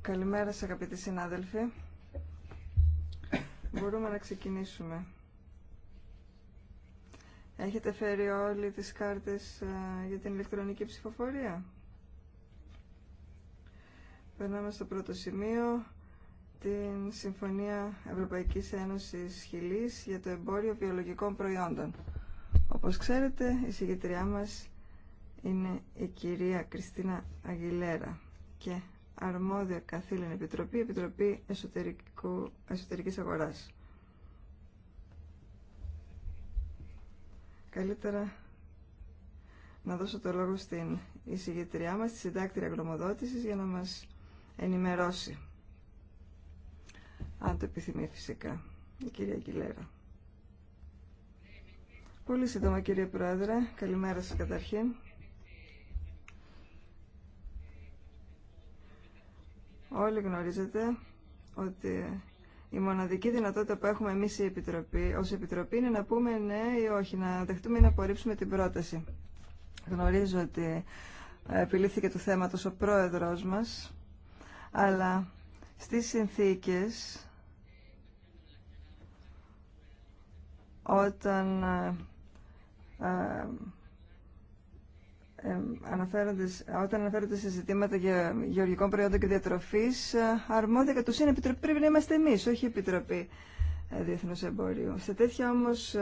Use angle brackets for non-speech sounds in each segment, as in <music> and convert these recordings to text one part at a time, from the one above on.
Καλημέρα σας αγαπητοί συνάδελφοι. Μπορούμε να ξεκινήσουμε. Έχετε φέρει όλοι τις κάρτες ε, για την ηλεκτρονική ψηφοφορία. Περνάμε στο πρώτο σημείο, την Συμφωνία Ευρωπαϊκής Ένωσης Χιλής για το εμπόριο βιολογικών προϊόντων. Όπως ξέρετε, η συγκεκριά μας είναι η κυρία Κριστίνα Αγγιλέρα και αρμόδια καθήλων επιτροπή, Επιτροπή Εσωτερικού, Εσωτερικής Αγοράς. Καλύτερα να δώσω το λόγο στην εισηγητριά μας, τη συντάκτηρα γνωμοδότησης, για να μας ενημερώσει. Αν το επιθυμεί φυσικά, η κυρία Αγγιλέρα. Πολύ σύντομα κύριε Πρόεδρε, καλημέρα σας καταρχήν. Όλοι γνωρίζετε ότι η μοναδική δυνατότητα που έχουμε εμείς η Επιτροπή, ως Επιτροπή είναι να πούμε ναι ή όχι, να δεχτούμε ή να απορρίψουμε την πρόταση. Γνωρίζω ότι επιλήθηκε του θέματος ο πρόεδρος μας, αλλά στις συνθήκες όταν ε, όταν αναφέρονται σε ζητήματα για γεωργικών προϊόντων και διατροφής, ε, αρμόδια κατ' ουσίαν επιτροπή πρέπει να είμαστε εμείς, όχι Επιτροπή ε, διεθνού Εμπορίου. Σε τέτοια όμως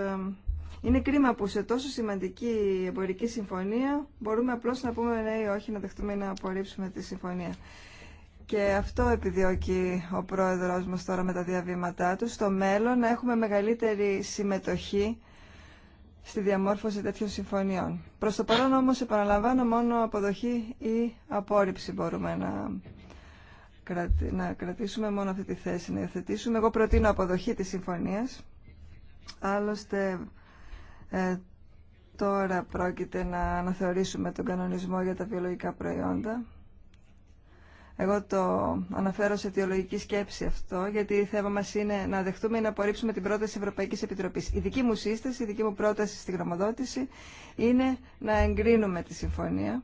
είναι κρίμα που σε τόσο σημαντική εμπορική συμφωνία μπορούμε απλώς να πούμε ναι ή όχι, να δεχτούμε ή να απορρίψουμε τη συμφωνία. Και αυτό επιδιώκει ο πρόεδρος μας τώρα με τα διαβήματά του, στο μέλλον να έχουμε μεγαλύτερη συμμετοχή στη διαμόρφωση τέτοιων συμφωνιών. Προς το παρόν όμως, επαναλαμβάνω, μόνο αποδοχή ή απόρριψη μπορούμε να, κρατήσουμε μόνο αυτή τη θέση, να υιοθετήσουμε. Εγώ προτείνω αποδοχή της συμφωνίας. Άλλωστε, ε, τώρα πρόκειται να αναθεωρήσουμε τον κανονισμό για τα βιολογικά προϊόντα εγώ το αναφέρω σε αιτιολογική σκέψη αυτό, γιατί η θέμα μα είναι να δεχτούμε ή να απορρίψουμε την πρόταση Ευρωπαϊκή Επιτροπή. Η δική μου σύσταση, η δική μου πρόταση στη γραμμοδότηση είναι να εγκρίνουμε τη συμφωνία,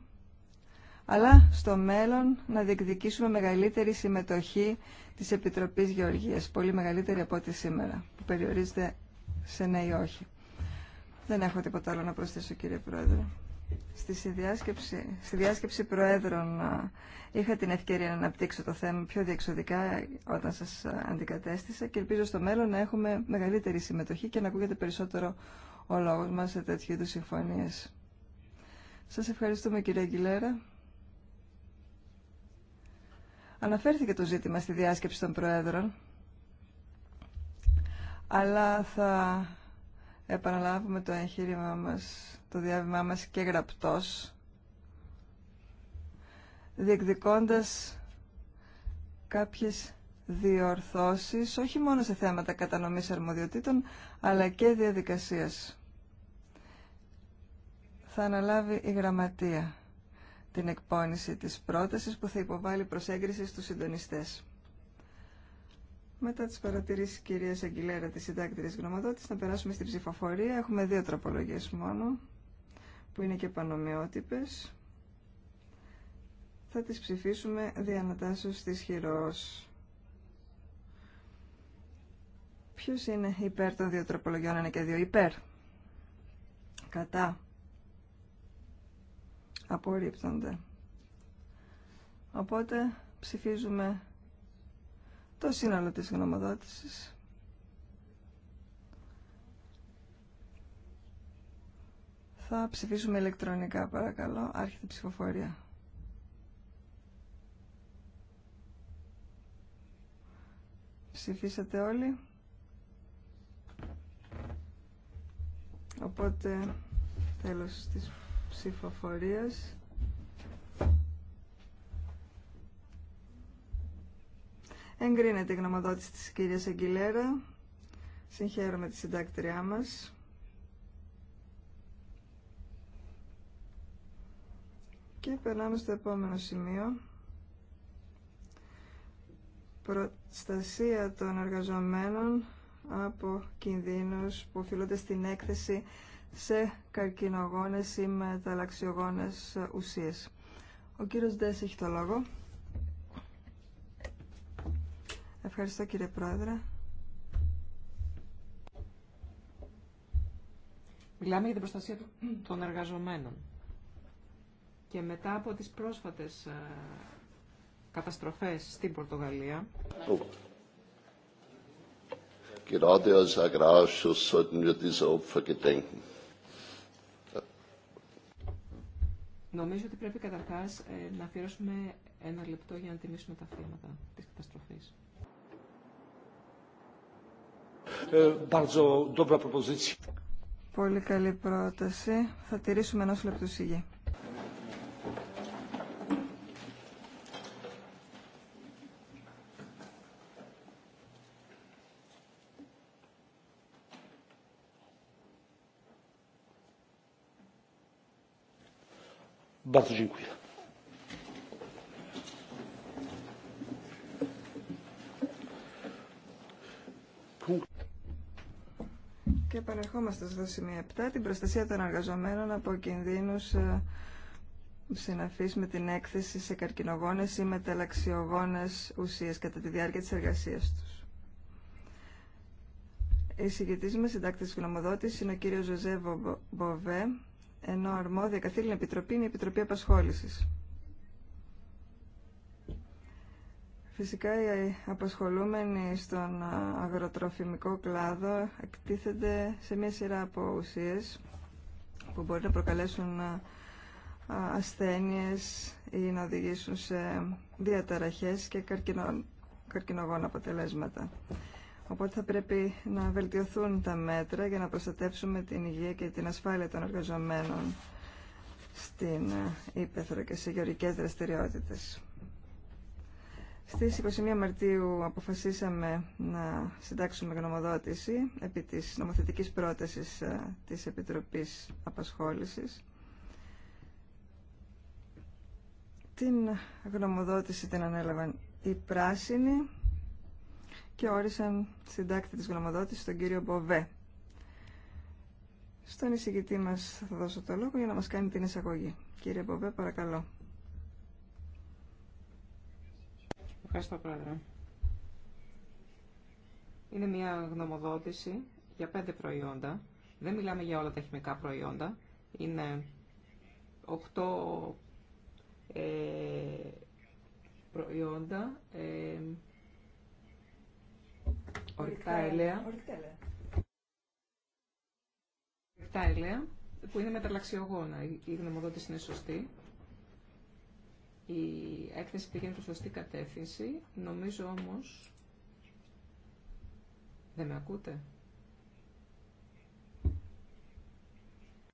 αλλά στο μέλλον να διεκδικήσουμε μεγαλύτερη συμμετοχή τη Επιτροπή Γεωργία, πολύ μεγαλύτερη από ό,τι σήμερα, που περιορίζεται σε ναι ή όχι. Δεν έχω τίποτα άλλο να προσθέσω, κύριε Πρόεδρε. Στη διάσκεψη, στη διάσκεψη Προέδρων είχα την ευκαιρία να αναπτύξω το θέμα πιο διεξοδικά όταν σας αντικατέστησα και ελπίζω στο μέλλον να έχουμε μεγαλύτερη συμμετοχή και να ακούγεται περισσότερο ο λόγος μας σε τέτοιου είδους συμφωνίες. Σας ευχαριστούμε κύριε Αγγιλέρα. Αναφέρθηκε το ζήτημα στη διάσκεψη των Προέδρων, αλλά θα επαναλάβουμε το εγχείρημά μας το διάβημά μας και γραπτός, διεκδικώντας κάποιες διορθώσεις, όχι μόνο σε θέματα κατανομής αρμοδιοτήτων, αλλά και διαδικασίας. Θα αναλάβει η Γραμματεία την εκπόνηση της πρότασης που θα υποβάλει προς έγκριση στους συντονιστές. Μετά τις παρατηρήσεις κυρίας Αγγιλέρα της συντάκτηρης γνωμοδότης, να περάσουμε στην ψηφοφορία. Έχουμε δύο τροπολογίες μόνο που είναι και πανομοιότυπες, θα τις ψηφίσουμε διανατάσσεως της χειρός. Ποιος είναι υπέρ των δύο τροπολογιών, ένα και δύο υπέρ. Κατά. Απορρίπτονται. Οπότε ψηφίζουμε το σύνολο της γνωμοδότησης. Θα ψηφίσουμε ηλεκτρονικά παρακαλώ. Άρχεται η ψηφοφορία. Ψηφίσατε όλοι. Οπότε τέλος της ψηφοφορίας. Εγκρίνεται η γνωμοδότηση της κυρίας Αγγιλέρα. Συγχαίρομαι τη συντάκτριά μας. Και περνάμε στο επόμενο σημείο. Προστασία των εργαζομένων από κινδύνους που οφείλονται στην έκθεση σε καρκινογόνες ή μεταλλαξιογόνες ουσίες. Ο κύριος Ντές έχει το λόγο. Ευχαριστώ κύριε Πρόεδρε. Μιλάμε για την προστασία των εργαζομένων και μετά από τις πρόσφατες ε, καταστροφές στην Πορτογαλία. Oh. Gerade als sollten wir Opfer gedenken. Νομίζω ότι πρέπει καταρχάς ε, να αφιερώσουμε ένα λεπτό για να τιμήσουμε τα θύματα της καταστροφής. Ε, Πολύ καλή πρόταση. Θα τηρήσουμε ένα λεπτού σιγή. Bardzo dziękuję. Και επανερχόμαστε στο σημείο 7, την προστασία των εργαζομένων από κινδύνους ε, συναφείς με την έκθεση σε καρκινογόνες ή μεταλλαξιογόνες ουσίες κατά τη διάρκεια της εργασίας τους. Η συγκεκριτή μα συντάκτης είναι ο κύριος Ζωζέ Μποβέ, ενώ αρμόδια καθήλυνα επιτροπή είναι η Επιτροπή Απασχόλησης. Φυσικά οι απασχολούμενοι στον αγροτροφημικό κλάδο εκτίθενται σε μια σειρά από ουσίες που μπορεί να προκαλέσουν ασθένειες ή να οδηγήσουν σε διαταραχές και καρκινο, καρκινογόνα αποτελέσματα. Οπότε θα πρέπει να βελτιωθούν τα μέτρα για να προστατεύσουμε την υγεία και την ασφάλεια των εργαζομένων στην ε, Ήπεθρο και σε γεωρικές δραστηριότητες. Στις 21 Μαρτίου αποφασίσαμε να συντάξουμε γνωμοδότηση επί της νομοθετικής πρότασης ε, της Επιτροπής Απασχόλησης. Την γνωμοδότηση την ανέλαβαν οι πράσινοι και όρισαν συντάκτη της γνωμοδότησης τον κύριο Μποβέ. Στον εισηγητή μας θα δώσω το λόγο για να μας κάνει την εισαγωγή. Κύριε Μποβέ, παρακαλώ. Ευχαριστώ, Πρόεδρε. Είναι μια γνωμοδότηση για πέντε προϊόντα. Δεν μιλάμε για όλα τα χημικά προϊόντα. Είναι οκτώ ε, προϊόντα ε, ορυκτά ελαία. Ορυκτά που είναι μεταλλαξιογόνα. Η γνωμοδότηση είναι σωστή. Η έκθεση πηγαίνει προς σωστή κατεύθυνση. Νομίζω όμως... Δεν με ακούτε.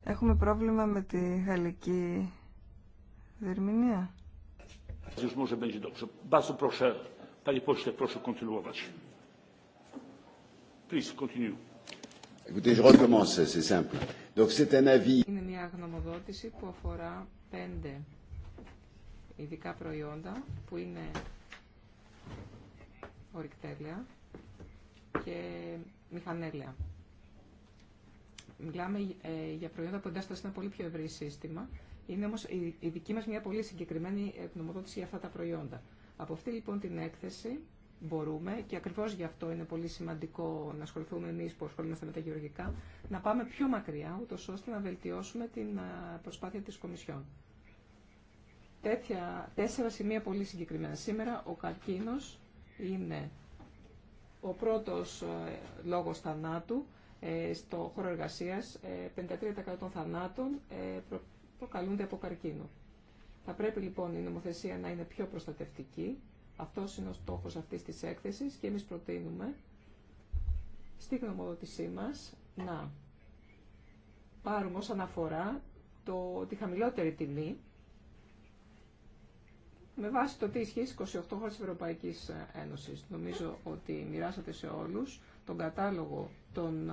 Έχουμε πρόβλημα με τη γαλλική διερμηνία. Już może będzie dobrze. Bardzo proszę, panie pośle, proszę kontynuować. Είναι μια γνωμοδότηση που αφορά πέντε ειδικά προϊόντα που είναι ορυκτέλεια και μηχανέλεια. Μιλάμε ε, για προϊόντα που εντάσσονται σε ένα πολύ πιο ευρύ σύστημα. Είναι όμως η, η δική μας μια πολύ συγκεκριμένη ε, γνωμοδότηση για αυτά τα προϊόντα. Από αυτή λοιπόν την έκθεση μπορούμε και ακριβώς γι' αυτό είναι πολύ σημαντικό να ασχοληθούμε εμεί που ασχολούμαστε με τα γεωργικά, να πάμε πιο μακριά, ούτω ώστε να βελτιώσουμε την προσπάθεια της Κομισιόν. Τέτοια, τέσσερα σημεία πολύ συγκεκριμένα. Σήμερα ο καρκίνος είναι ο πρώτος ε, λόγος θανάτου ε, στο χώρο εργασία, 53% ε, των θανάτων προκαλούνται από καρκίνο. Θα πρέπει λοιπόν η νομοθεσία να είναι πιο προστατευτική αυτό είναι ο στόχος αυτής της έκθεσης και εμείς προτείνουμε στη γνωμοδότησή μα να πάρουμε ως αναφορά το, τη χαμηλότερη τιμή με βάση το τι ισχύει στις 28 χώρες της Ευρωπαϊκής Ένωσης. Νομίζω ότι μοιράσατε σε όλους τον κατάλογο των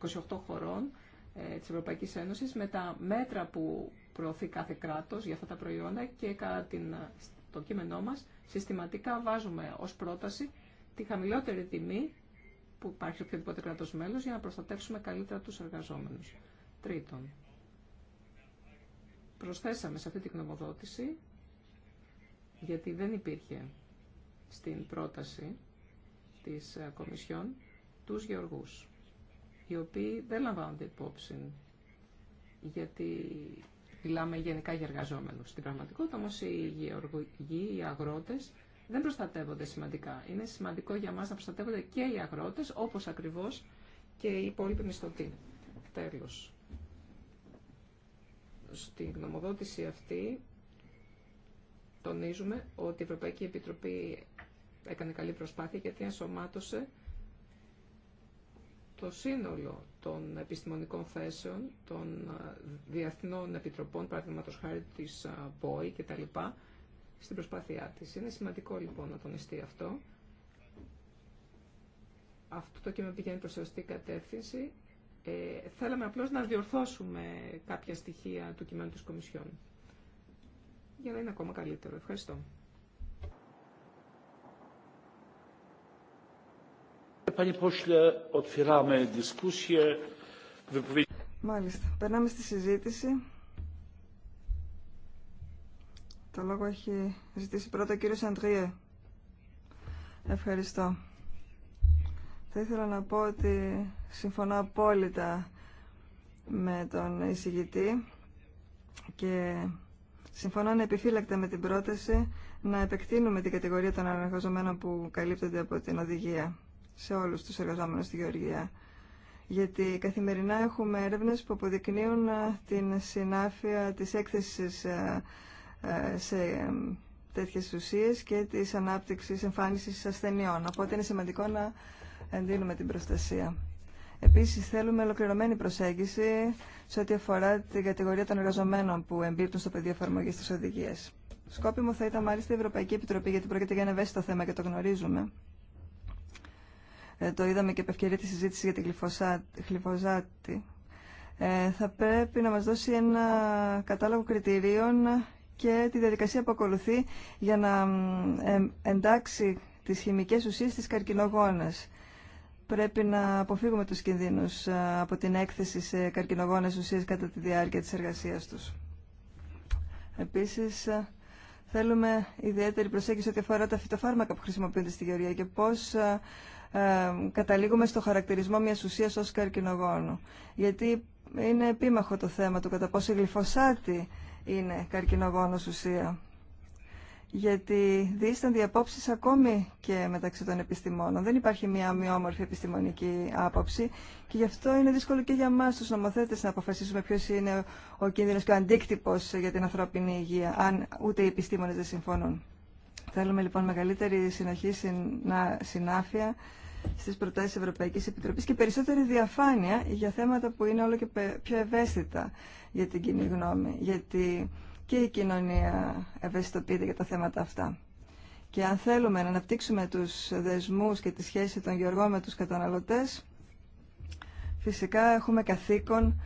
28 ε, χωρών ε, της Ευρωπαϊκής Ένωσης με τα μέτρα που προωθεί κάθε κράτος για αυτά τα προϊόντα και κατά την το κείμενό μας, συστηματικά βάζουμε ως πρόταση τη χαμηλότερη τιμή που υπάρχει σε οποιοδήποτε κρατό μέλος για να προστατεύσουμε καλύτερα τους εργαζόμενους. Τρίτον, προσθέσαμε σε αυτή την κνομοδότηση γιατί δεν υπήρχε στην πρόταση της ε, Κομισιόν, τους γεωργούς, οι οποίοι δεν λαμβάνονται υπόψη γιατί μιλάμε γενικά για εργαζόμενου. Στην πραγματικότητα όμω οι γεωργοί, οι αγρότες δεν προστατεύονται σημαντικά. Είναι σημαντικό για μας να προστατεύονται και οι αγρότες, όπως ακριβώς και οι υπόλοιποι μισθωτοί. Τέλος. Στην γνωμοδότηση αυτή τονίζουμε ότι η Ευρωπαϊκή Επιτροπή έκανε καλή προσπάθεια γιατί ενσωμάτωσε το σύνολο των επιστημονικών θέσεων, των ε, διεθνών επιτροπών, παραδείγματος χάρη της ε, ΠΟΗ και τα λοιπά, στην προσπάθειά της. Είναι σημαντικό λοιπόν να τονιστεί αυτό. Αυτό το κείμενο πηγαίνει προς σωστή κατεύθυνση. Ε, θέλαμε απλώς να διορθώσουμε κάποια στοιχεία του κειμένου της Κομισιόν για να είναι ακόμα καλύτερο. Ευχαριστώ. Μάλιστα. Περνάμε στη συζήτηση. Το λόγο έχει ζητήσει πρώτα ο κύριος Αντριέ. Ευχαριστώ. Θα ήθελα να πω ότι συμφωνώ απόλυτα με τον εισηγητή και συμφωνώ ανεπιφύλακτα με την πρόταση να επεκτείνουμε την κατηγορία των αναγκαζομένων που καλύπτονται από την οδηγία σε όλους τους εργαζόμενους στη Γεωργία. Γιατί καθημερινά έχουμε έρευνες που αποδεικνύουν ε, την συνάφεια της έκθεσης ε, ε, σε τέτοιες ουσίες και της ανάπτυξης εμφάνισης ασθενειών. Οπότε είναι σημαντικό να εντείνουμε την προστασία. Επίσης θέλουμε ολοκληρωμένη προσέγγιση σε ό,τι αφορά την κατηγορία των εργαζομένων που εμπίπτουν στο πεδίο εφαρμογή της οδηγίας. μου θα ήταν μάλιστα η Ευρωπαϊκή Επιτροπή, γιατί πρόκειται για ένα ευαίσθητο θέμα και το γνωρίζουμε, ε, το είδαμε και επ' ευκαιρία τη συζήτηση για την γλυφοζάτη, ε, θα πρέπει να μας δώσει ένα κατάλογο κριτηρίων και τη διαδικασία που ακολουθεί για να ε, εντάξει τις χημικές ουσίες στις καρκινογόνες. Πρέπει να αποφύγουμε τους κινδύνους από την έκθεση σε καρκινογόνες ουσίες κατά τη διάρκεια της εργασίας τους. Επίσης, θέλουμε ιδιαίτερη προσέγγιση ό,τι αφορά τα φυτοφάρμακα που χρησιμοποιούνται στη γεωργία και πώς ε, καταλήγουμε στο χαρακτηρισμό μιας ουσίας ως καρκινογόνου. Γιατί είναι επίμαχο το θέμα του κατά πόσο η γλυφοσάτη είναι καρκινογόνος ουσία. Γιατί δίστανται οι ακόμη και μεταξύ των επιστημόνων. Δεν υπάρχει μια ομοιόμορφη επιστημονική άποψη και γι' αυτό είναι δύσκολο και για μας τους νομοθέτες να αποφασίσουμε ποιος είναι ο κίνδυνος και ο αντίκτυπος για την ανθρώπινη υγεία, αν ούτε οι επιστήμονες δεν συμφωνούν. Θέλουμε λοιπόν μεγαλύτερη συνοχή, συνα, συνάφεια στις προτάσεις Ευρωπαϊκής Επιτροπής και περισσότερη διαφάνεια για θέματα που είναι όλο και πιο ευαίσθητα για την κοινή γνώμη, γιατί και η κοινωνία ευαισθητοποιείται για τα θέματα αυτά. Και αν θέλουμε να αναπτύξουμε τους δεσμούς και τη σχέση των γεωργών με τους καταναλωτές, φυσικά έχουμε καθήκον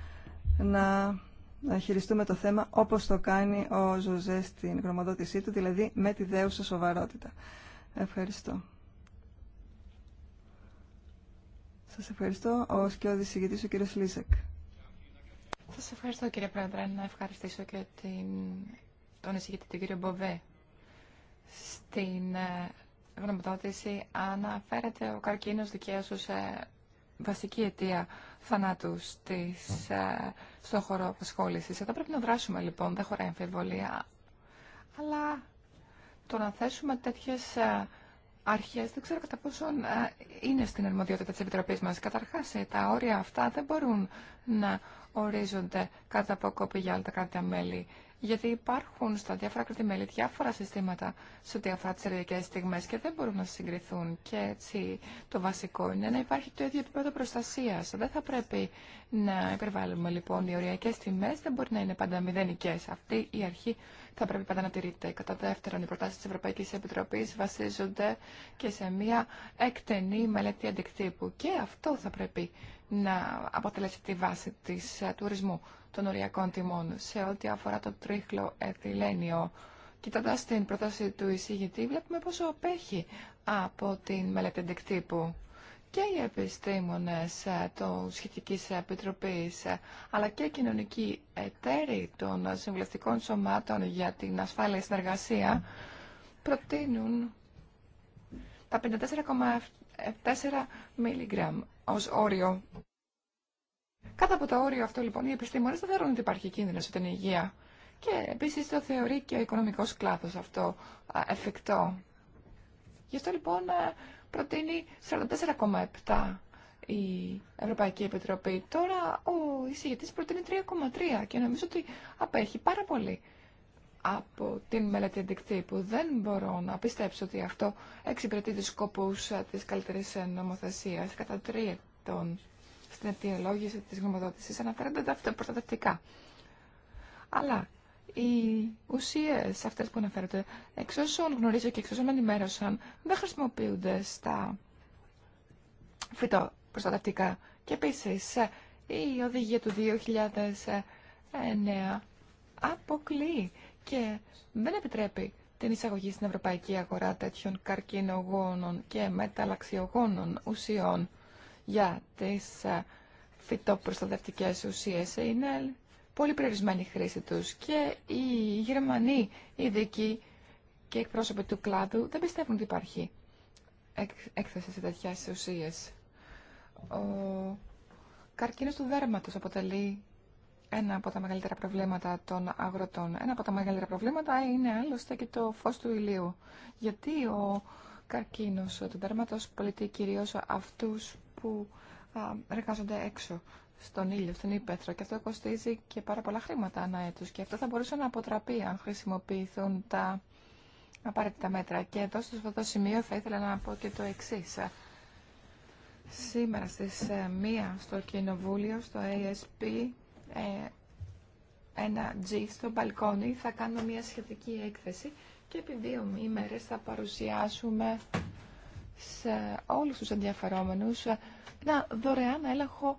να να χειριστούμε το θέμα όπως το κάνει ο Ζωζέ στην γνωμοδότησή του, δηλαδή με τη δέουσα σοβαρότητα. Ευχαριστώ. Σας ευχαριστώ. Ο σκιώδης συγγετής, ο κύριος Λίσεκ. Σας ευχαριστώ κύριε Πρόεδρε. Να ευχαριστήσω και τον εισηγητή του κύριο Μποβέ. Στην ε, γνωμοδότηση αναφέρεται ο καρκίνος δικαίωσης σε βασική αιτία θανάτου ε, στο χώρο απασχόλησης. Εδώ πρέπει να δράσουμε λοιπόν, δεν χωράει εμφιβολία. Αλλά το να θέσουμε τέτοιες ε, αρχές δεν ξέρω κατά πόσον ε, είναι στην αρμοδιότητα της Επιτροπής μας. Καταρχάς, τα όρια αυτά δεν μπορούν να ορίζονται κατά αποκόπη για όλα τα κράτη-μέλη. Γιατί υπάρχουν στα διάφορα κράτη-μέλη διάφορα συστήματα σε ό,τι αφορά τι ενεργειακέ στιγμέ και δεν μπορούν να συγκριθούν. Και έτσι το βασικό είναι να υπάρχει το ίδιο επίπεδο προστασία. Δεν θα πρέπει να υπερβάλλουμε λοιπόν. Οι οριακέ τιμέ δεν μπορεί να είναι πάντα μηδενικέ. Αυτή η αρχή θα πρέπει πάντα να τηρείται. Κατά δεύτερον, οι προτάσει τη Ευρωπαϊκή Επιτροπή βασίζονται και σε μια εκτενή μελέτη αντικτύπου. Και αυτό θα πρέπει να αποτελέσει τη βάση της ε, τουρισμού των οριακών τιμών σε ό,τι αφορά το τρίχλο εθιλένιο. Κοιτώντα την πρόταση του εισηγητή, βλέπουμε πόσο απέχει από την μελέτη εντεκτύπου. και οι επιστήμονες ε, του σχετικής επιτροπής, ε, αλλά και οι κοινωνικοί εταίροι των συμβουλευτικών σωμάτων για την ασφάλεια συνεργασία, προτείνουν τα 54,7 4 μιλιγκράμμ ως όριο. Κάτω από το όριο αυτό λοιπόν οι επιστήμονες δεν θεωρούν ότι υπάρχει κίνδυνο στην υγεία και επίσης το θεωρεί και ο οικονομικός κλάδος αυτό εφικτό. Γι' αυτό λοιπόν προτείνει 44,7 η Ευρωπαϊκή Επιτροπή. Τώρα ο εισηγητής προτείνει 3,3 και νομίζω ότι απέχει πάρα πολύ από την μελέτη που Δεν μπορώ να πιστέψω ότι αυτό εξυπηρετεί τους σκοπούς ε, της καλύτερης ε, νομοθεσίας. Κατά τρίτον, στην αιτιολόγηση της γνωμοδότησης αναφέρονται τα προστατευτικά. Αλλά οι ουσίε αυτέ που αναφέρονται, εξ όσων γνωρίζω και εξ όσων με ενημέρωσαν, δεν χρησιμοποιούνται στα φυτοπροστατευτικά. Και επίση, ε, η οδηγία του 2009 αποκλεί και δεν επιτρέπει την εισαγωγή στην ευρωπαϊκή αγορά τέτοιων καρκινογόνων και μεταλλαξιογόνων ουσιών για τις ε, φυτοπροστατευτικές ουσίες. Είναι πολύ περιορισμένη χρήση τους και οι Γερμανοί ειδικοί και εκπρόσωποι του κλάδου δεν πιστεύουν ότι υπάρχει έκθεση σε τέτοιες ουσίες. Ο καρκίνος του δέρματος αποτελεί ένα από τα μεγαλύτερα προβλήματα των αγροτών. Ένα από τα μεγαλύτερα προβλήματα είναι άλλωστε και το φως του ηλίου. Γιατί ο καρκίνος του δέρματος πολιτεί κυρίως αυτούς που εργάζονται έξω στον ήλιο, στον ύπεθρο και αυτό κοστίζει και πάρα πολλά χρήματα ανά έτους και αυτό θα μπορούσε να αποτραπεί αν χρησιμοποιηθούν τα απαραίτητα μέτρα. Και εδώ στο σημείο θα ήθελα να πω και το εξή. Σήμερα στις 1 ε, στο Κοινοβούλιο, στο ASP, ε, ένα G στο μπαλκόνι, θα κάνουμε μια σχετική έκθεση και επί δύο ημέρες θα παρουσιάσουμε σε όλους τους ενδιαφερόμενους ένα δωρεάν έλεγχο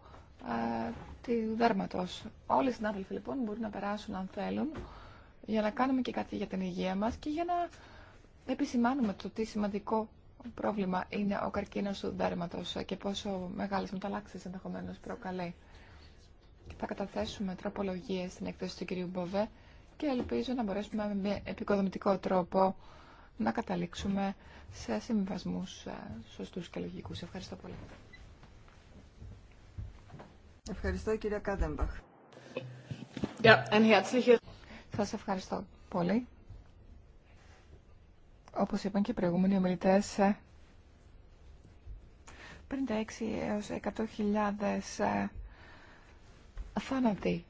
ε, του δέρματος. Όλοι οι συνάδελφοι λοιπόν μπορούν να περάσουν αν θέλουν για να κάνουμε και κάτι για την υγεία μας και για να επισημάνουμε το τι σημαντικό πρόβλημα είναι ο καρκίνος του δέρματος και πόσο μεγάλες μεταλλάξεις ενδεχομένω προκαλεί και θα καταθέσουμε τροπολογίες στην έκθεση του κυρίου Μποβέ και ελπίζω να μπορέσουμε με επικοδομητικό τρόπο να καταλήξουμε σε συμβασμούς ε, σωστούς και λογικούς. Ευχαριστώ πολύ. Ευχαριστώ κυρία Καδέμπαχ. Yeah, Σας ευχαριστώ πολύ. Όπως είπαν και οι προηγούμενοι ομιλητές, 56 ε, έως 100.000 θάνατοι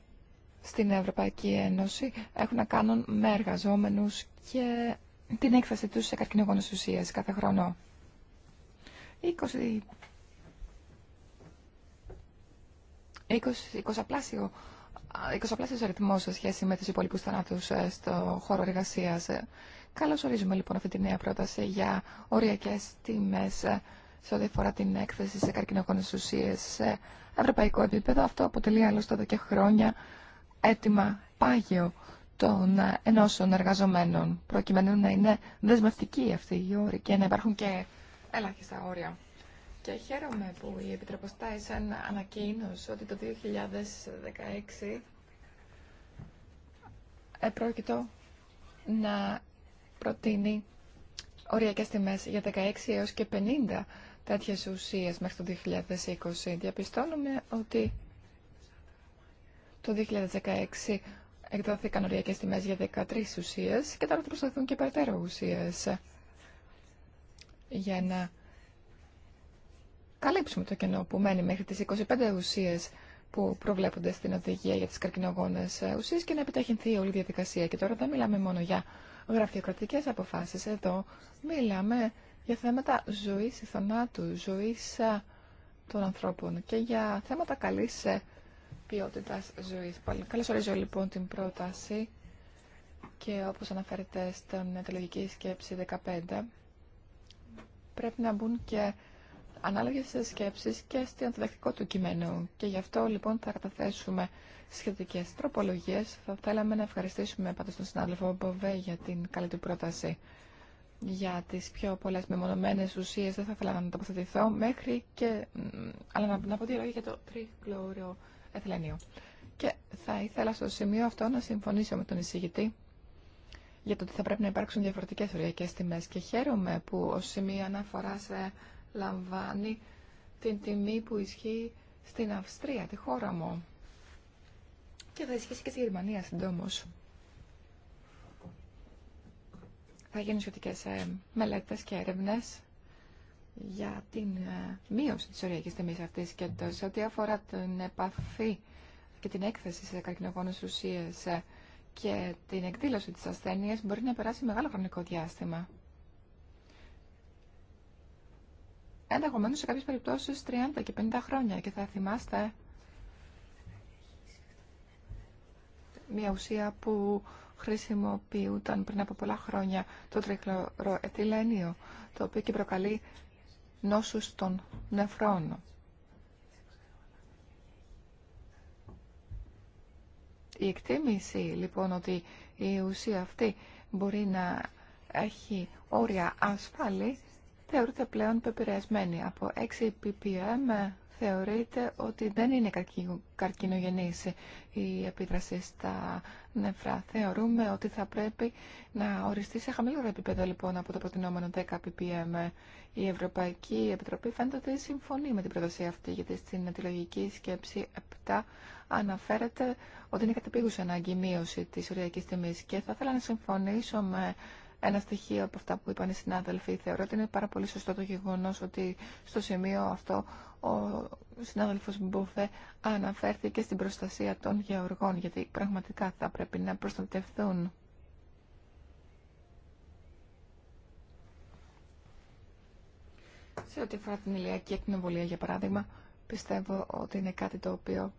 στην Ευρωπαϊκή Ένωση έχουν να κάνουν με εργαζόμενους και την έκθεση τους σε καρκινογόνες ουσίες κάθε χρόνο. 20... 20, 20 σε σχέση με τους υπόλοιπους θανάτους ε, στο χώρο εργασίας. Καλώ ορίζουμε λοιπόν αυτή τη νέα πρόταση για οριακές τιμές ε, σε ό,τι αφορά την έκθεση σε καρκινογόνες ουσίες ευρωπαϊκό επίπεδο. Αυτό αποτελεί άλλωστε εδώ και χρόνια έτοιμα πάγιο των ενώσεων εργαζομένων, προκειμένου να είναι δεσμευτικοί αυτοί οι όροι και να υπάρχουν και ελάχιστα όρια. Και χαίρομαι που η Επιτροπή Τάισεν ανακοίνωσε ότι το 2016 επρόκειτο να προτείνει οριακές τιμές για 16 έως και 50 τέτοιες ουσίες μέχρι το 2020. Διαπιστώνουμε ότι το 2016 εκδόθηκαν οριακές τιμές για 13 ουσίες και τώρα θα προσταθούν και περαιτέρω ουσίες για να καλύψουμε το κενό που μένει μέχρι τις 25 ουσίες που προβλέπονται στην οδηγία για τις καρκινογόνες ουσίες και να επιταχυνθεί όλη η διαδικασία. Και τώρα δεν μιλάμε μόνο για γραφειοκρατικές αποφάσεις. Εδώ μιλάμε για θέματα ζωής ή θανάτου, ζωή ε, των ανθρώπων και για θέματα καλή ε, ποιότητας ζωής. Καλώ ορίζω λοιπόν την πρόταση και όπως αναφέρεται στην ετολογική σκέψη 15 πρέπει να μπουν και ανάλογε σκέψει και στην αντιδεκτικό του κειμένου. Και γι' αυτό λοιπόν θα καταθέσουμε σχετικές τροπολογίε. Θα θέλαμε να ευχαριστήσουμε πάντω τον συνάδελφο Μποβέ για την καλή του πρόταση για τις πιο πολλές μεμονωμένες ουσίες δεν θα ήθελα να τοποθετηθώ μέχρι και αλλά να, να πω δύο λόγια για το τρίγλωριο εθλενείο. Και θα ήθελα στο σημείο αυτό να συμφωνήσω με τον εισηγητή για το ότι θα πρέπει να υπάρξουν διαφορετικές οριακές τιμές και χαίρομαι που ο σημείο αναφοράς ε, λαμβάνει την τιμή που ισχύει στην Αυστρία, τη χώρα μου. Και θα ισχύσει και στη Γερμανία συντόμως. θα γίνουν σχετικέ ε, μελέτε και έρευνε για την ε, μείωση τη οριακή τιμή αυτή και το, σε ό,τι αφορά την επαφή και την έκθεση σε καρκίνογόνε ουσίες ε, και την εκδήλωση τη ασθένεια μπορεί να περάσει μεγάλο χρονικό διάστημα. Ενδεχομένω σε κάποιε περιπτώσει 30 και 50 χρόνια και θα θυμάστε μια ουσία που χρησιμοποιούνταν πριν από πολλά χρόνια το τριχλωροετυλένιο, το οποίο και προκαλεί νόσους των νεφρών. Η εκτίμηση λοιπόν ότι η ουσία αυτή μπορεί να έχει όρια ασφαλή θεωρείται πλέον πεπηρεασμένη από 6 ppm θεωρείται ότι δεν είναι καρκινογενή η επίδραση στα νεφρά. Θεωρούμε ότι θα πρέπει να οριστεί σε χαμηλότερο επίπεδο λοιπόν από το προτινόμενο 10 ppm. Η Ευρωπαϊκή Επιτροπή φαίνεται ότι συμφωνεί με την προδοσία αυτή, γιατί στην αντιλογική σκέψη 7 αναφέρεται ότι είναι κατεπίγουσα ανάγκη μείωση τη οριακή τιμή. και θα ήθελα να συμφωνήσω με ένα στοιχείο από αυτά που είπαν οι συνάδελφοι. Θεωρώ ότι είναι πάρα πολύ σωστό το γεγονό ότι στο σημείο αυτό ο συνάδελφο Μπούφε αναφέρθηκε στην προστασία των γεωργών, γιατί πραγματικά θα πρέπει να προστατευθούν. Σε ό,τι αφορά την ηλιακή εκνοβολία, για παράδειγμα, πιστεύω ότι είναι κάτι το οποίο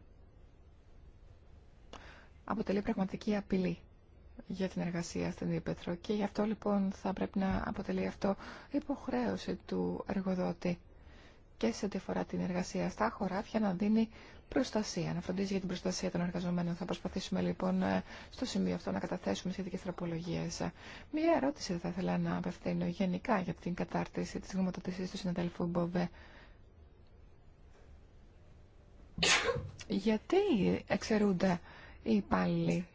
αποτελεί πραγματική απειλή για την εργασία στην Ήπετρο και γι' αυτό λοιπόν θα πρέπει να αποτελεί αυτό υποχρέωση του εργοδότη και σε ό,τι αφορά την εργασία στα χωράφια να δίνει προστασία, να φροντίζει για την προστασία των εργαζομένων. Θα προσπαθήσουμε λοιπόν ε, στο σημείο αυτό να καταθέσουμε σχετικέ τροπολογίε. Μία ερώτηση θα ήθελα να απευθύνω γενικά για την κατάρτιση τη γνωμοτοτησή του συναδέλφου Μποβέ. <coughs> Γιατί εξαιρούνται οι υπάλληλοι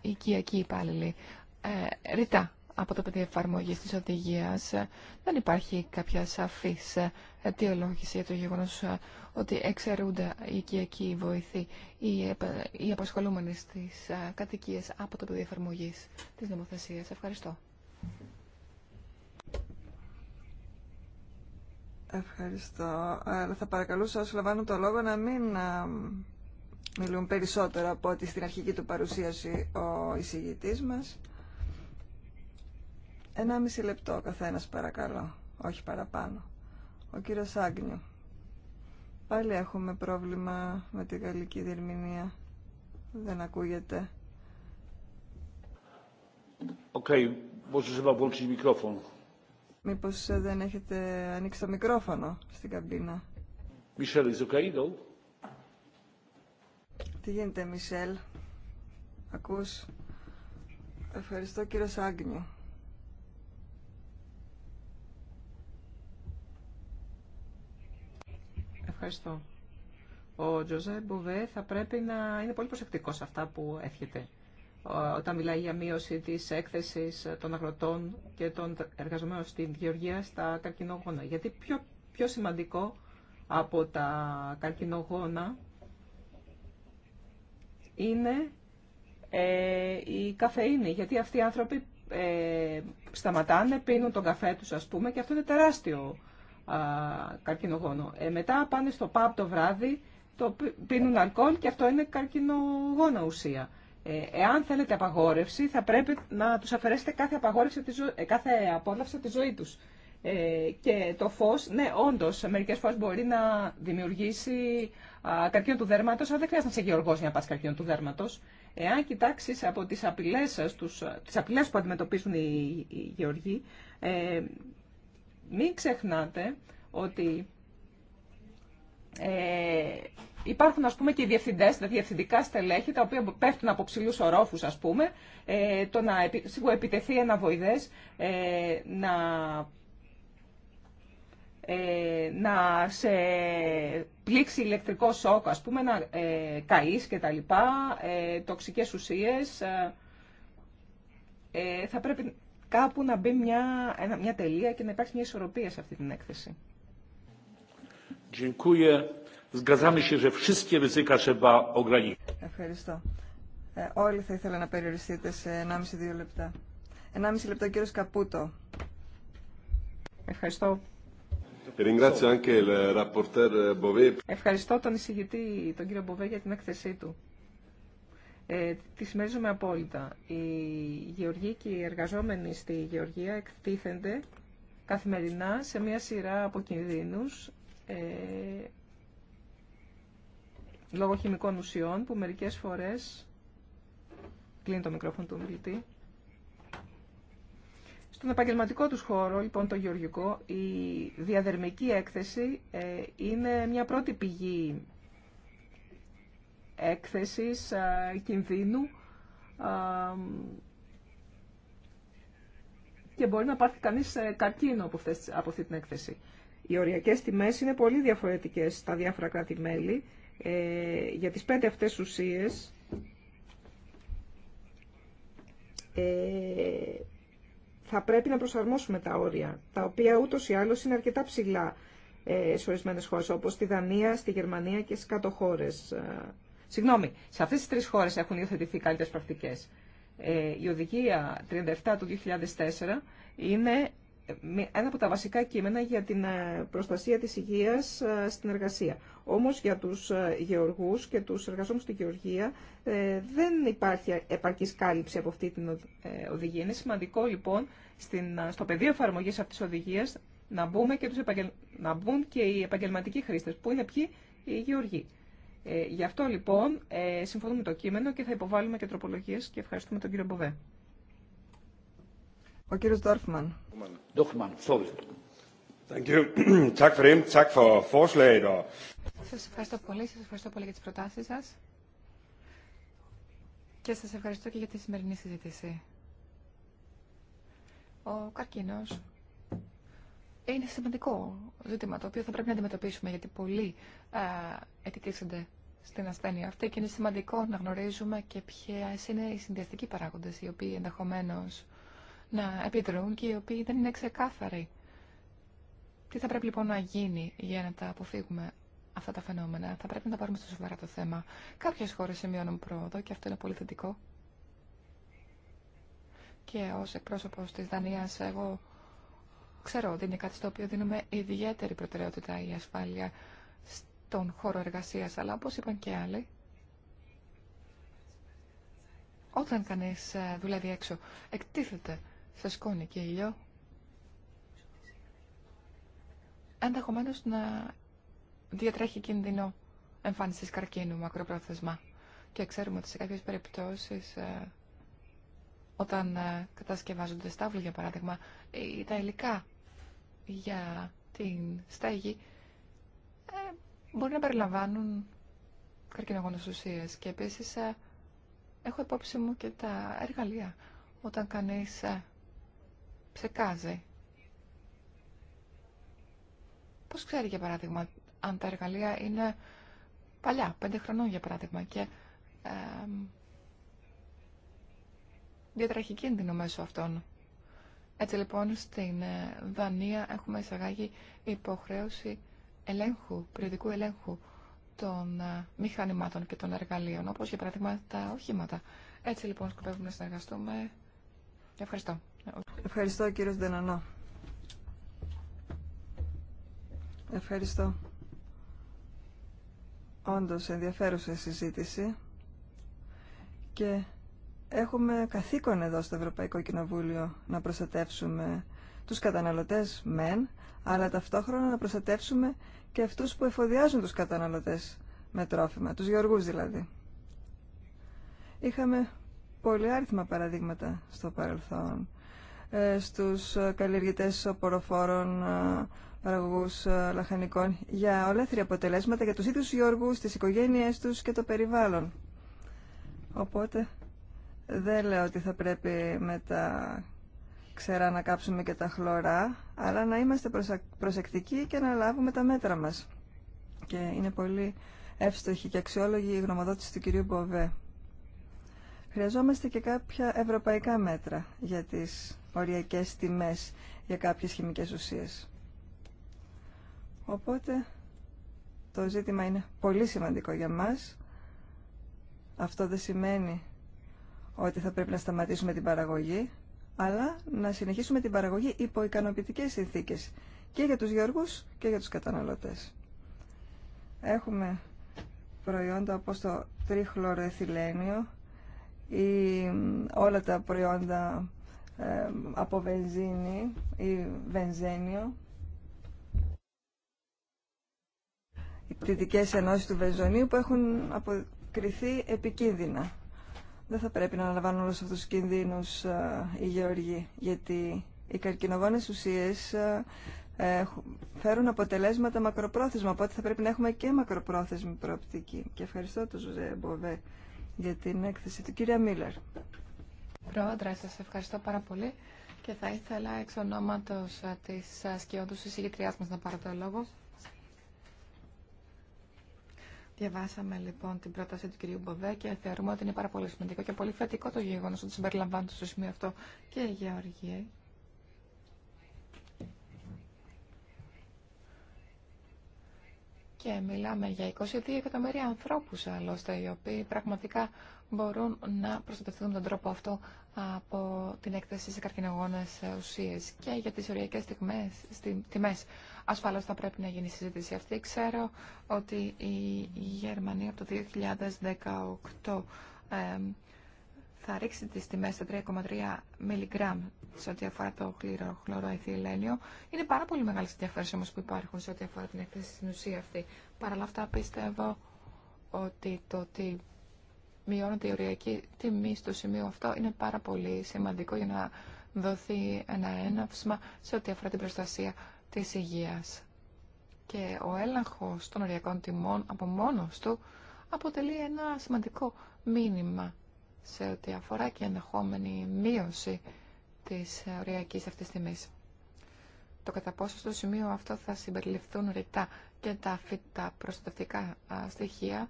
οικιακοί υπάλληλοι. Ε, ρητά από το πεδίο εφαρμογή τη οδηγία ε, δεν υπάρχει κάποια σαφή ε, αιτιολόγηση για το γεγονό ε, ότι εξαιρούνται οι οικιακοί βοηθοί ή οι απασχολούμενοι στι κατοικίε από το πεδίο εφαρμογή τη νομοθεσία. Ευχαριστώ. Ευχαριστώ. Αλλά θα παρακαλούσα όσοι λαμβάνουν το λόγο να μην μιλούν περισσότερο από ό,τι στην αρχική του παρουσίαση ο μα. μας. μισή λεπτό καθένα παρακαλώ, όχι παραπάνω. Ο κύριος Άγνιου. Πάλι έχουμε πρόβλημα με τη γαλλική διερμηνία. Δεν ακούγεται. Okay, Μήπως ε, δεν έχετε ανοίξει το μικρόφωνο στην καμπίνα. Μισέλ τι γίνεται, Μισελ. Ακούς. Ευχαριστώ, κύριο Σάγνιο. Ευχαριστώ. Ο Τζοζέ Μπουβέ θα πρέπει να είναι πολύ προσεκτικός σε αυτά που εύχεται όταν μιλάει για μείωση της έκθεσης των αγροτών και των εργαζομένων στην γεωργία στα καρκινογόνα. Γιατί πιο, πιο σημαντικό από τα καρκινογόνα είναι ε, η καφεΐνη, γιατί αυτοί οι άνθρωποι ε, σταματάνε, πίνουν τον καφέ τους ας πούμε και αυτό είναι τεράστιο καρκινογόνο. Ε, μετά πάνε στο pub το βράδυ, το πίνουν αλκοόλ και αυτό είναι καρκινογόνα ουσία. εάν θέλετε απαγόρευση, θα πρέπει να τους αφαιρέσετε κάθε, απαγόρευση, κάθε απόλαυση τη ζωή τους. Ε, και το φως, ναι, όντως, μερικές φορές μπορεί να δημιουργήσει καρκίνο του δέρματος, αλλά δεν χρειάζεται να είσαι γεωργός για να πας καρκίνο του δέρματος. Εάν κοιτάξεις από τις απειλές, τους, τις απειλές που αντιμετωπίζουν οι, γεωργοί, ε, μην ξεχνάτε ότι ε, υπάρχουν ας πούμε και οι διευθυντές, τα διευθυντικά στελέχη, τα οποία πέφτουν από ψηλούς ορόφους ας πούμε, ε, το να σίγουρα επιτεθεί ένα βοηδές, ε, να ε, να σε πλήξει ηλεκτρικό σοκ, ας πούμε, να ε, καείς και τα λοιπά, ε, τοξικές ουσίες. Ε, θα πρέπει κάπου να μπει μια, μια τελεία και να υπάρξει μια ισορροπία σε αυτή την έκθεση. Ευχαριστώ. όλοι θα ήθελα να περιοριστείτε σε 1,5-2 λεπτά. 1,5 λεπτά κυριο κύριος Καπούτο. Ευχαριστώ Eh, eh, Ευχαριστώ τον εισηγητή, τον κύριο Μποβέ, για την έκθεσή του. Ε, τη συμμερίζουμε απόλυτα. Οι γεωργοί και οι εργαζόμενοι στη γεωργία εκτίθενται καθημερινά σε μια σειρά από κινδύνους ε, λόγω χημικών ουσιών που μερικές φορές κλείνει το μικρόφωνο του μιλητή στον επαγγελματικό τους χώρο, λοιπόν, το γεωργικό, η διαδερμική έκθεση ε, είναι μια πρώτη πηγή έκθεσης ε, κινδύνου ε, και μπορεί να πάρει κανείς καρκίνο από, αυτές, αυτή την έκθεση. Οι οριακές τιμές είναι πολύ διαφορετικές στα διάφορα κράτη-μέλη. Ε, για τις πέντε αυτές ουσίες ε, θα πρέπει να προσαρμόσουμε τα όρια, τα οποία ούτω ή άλλω είναι αρκετά ψηλά ε, σε ορισμένε χώρε, όπως στη Δανία, στη Γερμανία και στι κάτω χώρε. Ε, συγγνώμη, σε αυτέ τις τρει χώρες έχουν υιοθετηθεί καλύτερε πρακτικές. Ε, η οδηγία 37 του 2004 είναι ένα από τα βασικά κείμενα για την ε, προστασία της υγείας ε, στην εργασία. Όμως για τους ε, γεωργούς και τους εργαζόμενους στην γεωργία δεν υπάρχει επαρκής κάλυψη από αυτή την οδηγία. Είναι σημαντικό λοιπόν στο πεδίο εφαρμογής αυτής της οδηγίας να, μπούμε και τους να μπουν και οι επαγγελματικοί χρήστες, που είναι ποιοι οι γεωργοί. γι' αυτό λοιπόν συμφωνούμε το κείμενο και θα υποβάλουμε και τροπολογίες και ευχαριστούμε τον κύριο Μποβέ. Ο κύριος Ντόρφμαν. <clears throat> Σας ευχαριστώ πολύ, σας ευχαριστώ πολύ για τις προτάσεις σας και σας ευχαριστώ και για τη σημερινή συζήτηση. Ο καρκίνος είναι σημαντικό ζήτημα το οποίο θα πρέπει να αντιμετωπίσουμε γιατί πολλοί ετικήσονται στην ασθένεια αυτή και είναι σημαντικό να γνωρίζουμε και ποιε είναι οι συνδυαστικοί παράγοντες οι οποίοι ενδεχομένως να επιδρούν και οι οποίοι δεν είναι ξεκάθαροι. Τι θα πρέπει λοιπόν να γίνει για να τα αποφύγουμε αυτά τα φαινόμενα. Θα πρέπει να τα πάρουμε στο σοβαρά το θέμα. Κάποιε χώρε σημειώνουν πρόοδο και αυτό είναι πολύ θετικό. Και ω εκπρόσωπο τη Δανία, εγώ ξέρω ότι είναι κάτι στο οποίο δίνουμε ιδιαίτερη προτεραιότητα η ασφάλεια στον χώρο εργασία. Αλλά όπω είπαν και άλλοι, όταν κανεί ε, δουλεύει έξω, εκτίθεται σε σκόνη και ήλιο, ενδεχομένω να διατρέχει κίνδυνο εμφάνισης καρκίνου μακροπρόθεσμα. Και ξέρουμε ότι σε κάποιες περιπτώσεις ε, όταν ε, κατασκευάζονται στάβλοι, για παράδειγμα, ή ε, τα υλικά για την στέγη μπορεί να περιλαμβάνουν καρκινογόνες ουσίες. Και επίσης έχω υπόψη μου και τα εργαλεία. Όταν κανείς ψεκάζει. Πώς ξέρει, για παράδειγμα, αν τα εργαλεία είναι παλιά, πέντε χρονών, για παράδειγμα, και ε, διατραχεί κίνδυνο μέσω αυτών. Έτσι λοιπόν στην ε, Δανία έχουμε εισαγάγει υποχρέωση ελέγχου, περιοδικού ελέγχου των ε, μηχανημάτων και των εργαλείων, όπως για παράδειγμα τα οχήματα. Έτσι λοιπόν σκοπεύουμε να συνεργαστούμε. Ευχαριστώ. Ευχαριστώ κύριος Δενανό. Ευχαριστώ. Όντως ενδιαφέρουσα συζήτηση και έχουμε καθήκον εδώ στο Ευρωπαϊκό Κοινοβούλιο να προστατεύσουμε τους καταναλωτές μεν, αλλά ταυτόχρονα να προστατεύσουμε και αυτούς που εφοδιάζουν τους καταναλωτές με τρόφιμα, τους γεωργούς δηλαδή. Είχαμε πολύ άριθμα παραδείγματα στο παρελθόν ε, στους ε, καλλιεργητές οποροφόρων ε, παραγωγούς λαχανικών για ολέθρια αποτελέσματα για τους ίδιους Γιώργους, τις οικογένειές τους και το περιβάλλον. Οπότε δεν λέω ότι θα πρέπει με τα ξερά να κάψουμε και τα χλωρά, αλλά να είμαστε προσεκτικοί και να λάβουμε τα μέτρα μας. Και είναι πολύ εύστοχη και αξιόλογη η γνωμοδότηση του κυρίου Μποβέ. Χρειαζόμαστε και κάποια ευρωπαϊκά μέτρα για τις οριακές τιμές για κάποιες χημικές ουσίες. Οπότε το ζήτημα είναι πολύ σημαντικό για μας. Αυτό δεν σημαίνει ότι θα πρέπει να σταματήσουμε την παραγωγή, αλλά να συνεχίσουμε την παραγωγή υπό ικανοποιητικές συνθήκες και για τους γεωργούς και για τους καταναλωτές. Έχουμε προϊόντα όπως το τρίχλωροεθυλένιο ή όλα τα προϊόντα από βενζίνη ή βενζένιο. Οι πτυτικές ενώσεις του βενζονίου που έχουν αποκριθεί επικίνδυνα. Δεν θα πρέπει να αναλαμβάνουν όλους αυτούς τους κινδύνους ε, οι γεωργοί, γιατί οι καρκινογόνες ουσίες ε, φέρουν αποτελέσματα μακροπρόθεσμα, οπότε θα πρέπει να έχουμε και μακροπρόθεσμη προοπτική. Και ευχαριστώ τον Ζωζέ Μποβέ για την έκθεση του κυρία Μίλλερ. Πρόεδρε, σα ευχαριστώ πάρα πολύ και θα ήθελα εξ ονόματο ε, τη ε, σκιώδους εισηγητριάς μας να πάρω το λόγο. Διαβάσαμε λοιπόν την πρόταση του κυρίου Μποβέ και θεωρούμε ότι είναι πάρα πολύ σημαντικό και πολύ θετικό το γεγονό ότι συμπεριλαμβάνονται στο σημείο αυτό και η Γεωργία Και μιλάμε για 22 εκατομμύρια ανθρώπους άλλωστε, οι οποίοι πραγματικά μπορούν να προστατευτούν τον τρόπο αυτό από την έκθεση σε καρκινογόνες ουσίες και για τις οριακές τιμές. τιμές. Ασφαλώς θα πρέπει να γίνει η συζήτηση αυτή. Ξέρω ότι η Γερμανία από το 2018 θα ρίξει τις τιμές στα 3,3 μιλιγκράμμ σε ό,τι αφορά το χλωρό εθιλένιο. Είναι πάρα πολύ μεγάλη οι διαφορές όμως που υπάρχουν σε ό,τι αφορά την έκθεση στην ουσία αυτή. Παρ' όλα αυτά πιστεύω ότι το ότι μειώνεται η οριακή τιμή στο σημείο αυτό είναι πάρα πολύ σημαντικό για να δοθεί ένα έναυσμα σε ό,τι αφορά την προστασία της υγείας. Και ο έλεγχος των οριακών τιμών από μόνος του αποτελεί ένα σημαντικό μήνυμα σε ό,τι αφορά και ενδεχόμενη μείωση της οριακής αυτής τιμής. Το κατά πόσο στο σημείο αυτό θα συμπεριληφθούν ρητά και τα φυτά προστατευτικά στοιχεία,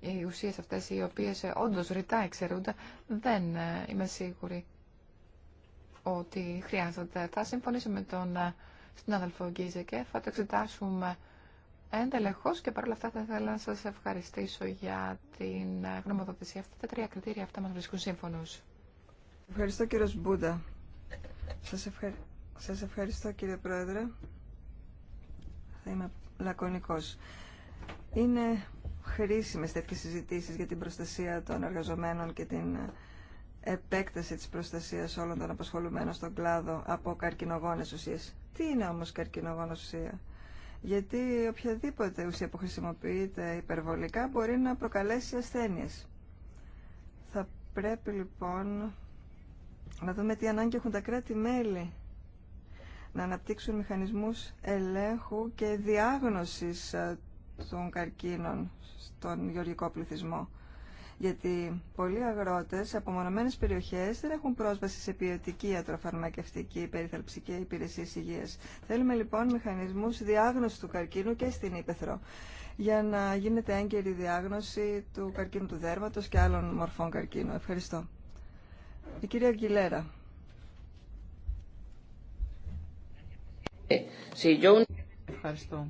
οι ουσίες αυτές οι οποίες ε, όντως ρητά εξαιρούνται, δεν ε, είμαι σίγουρη ότι χρειάζονται. Θα συμφωνήσω με τον ε, συνάδελφο Γκίζε και θα το εξετάσουμε και και παρόλα αυτά θα ήθελα να σα ευχαριστήσω για την γνωμοδοτησία. Αυτά τα τρία κριτήρια αυτά μα βρίσκουν σύμφωνο. Ευχαριστώ κύριο Μπούντα. Σας, ευχαριστώ κύριε Πρόεδρε. Θα είμαι λακωνικός. Είναι χρήσιμες τέτοιες συζητήσεις για την προστασία των εργαζομένων και την επέκταση της προστασίας όλων των απασχολουμένων στον κλάδο από καρκινογόνες ουσίες. Τι είναι όμως καρκινογόνος ουσία? γιατί οποιαδήποτε ουσία που χρησιμοποιείται υπερβολικά μπορεί να προκαλέσει ασθένειες. Θα πρέπει λοιπόν να δούμε τι ανάγκη έχουν τα κράτη-μέλη να αναπτύξουν μηχανισμούς ελέγχου και διάγνωσης ε, των καρκίνων στον γεωργικό πληθυσμό γιατί πολλοί αγρότες σε απομονωμένες περιοχές δεν έχουν πρόσβαση σε ποιοτική ιατροφαρμακευτική και υπηρεσία υγείας. Θέλουμε λοιπόν μηχανισμούς διάγνωσης του καρκίνου και στην Ήπεθρο για να γίνεται έγκαιρη διάγνωση του καρκίνου του δέρματος και άλλων μορφών καρκίνου. Ευχαριστώ. Η κυρία Αγγιλέρα. Ε, Ευχαριστώ.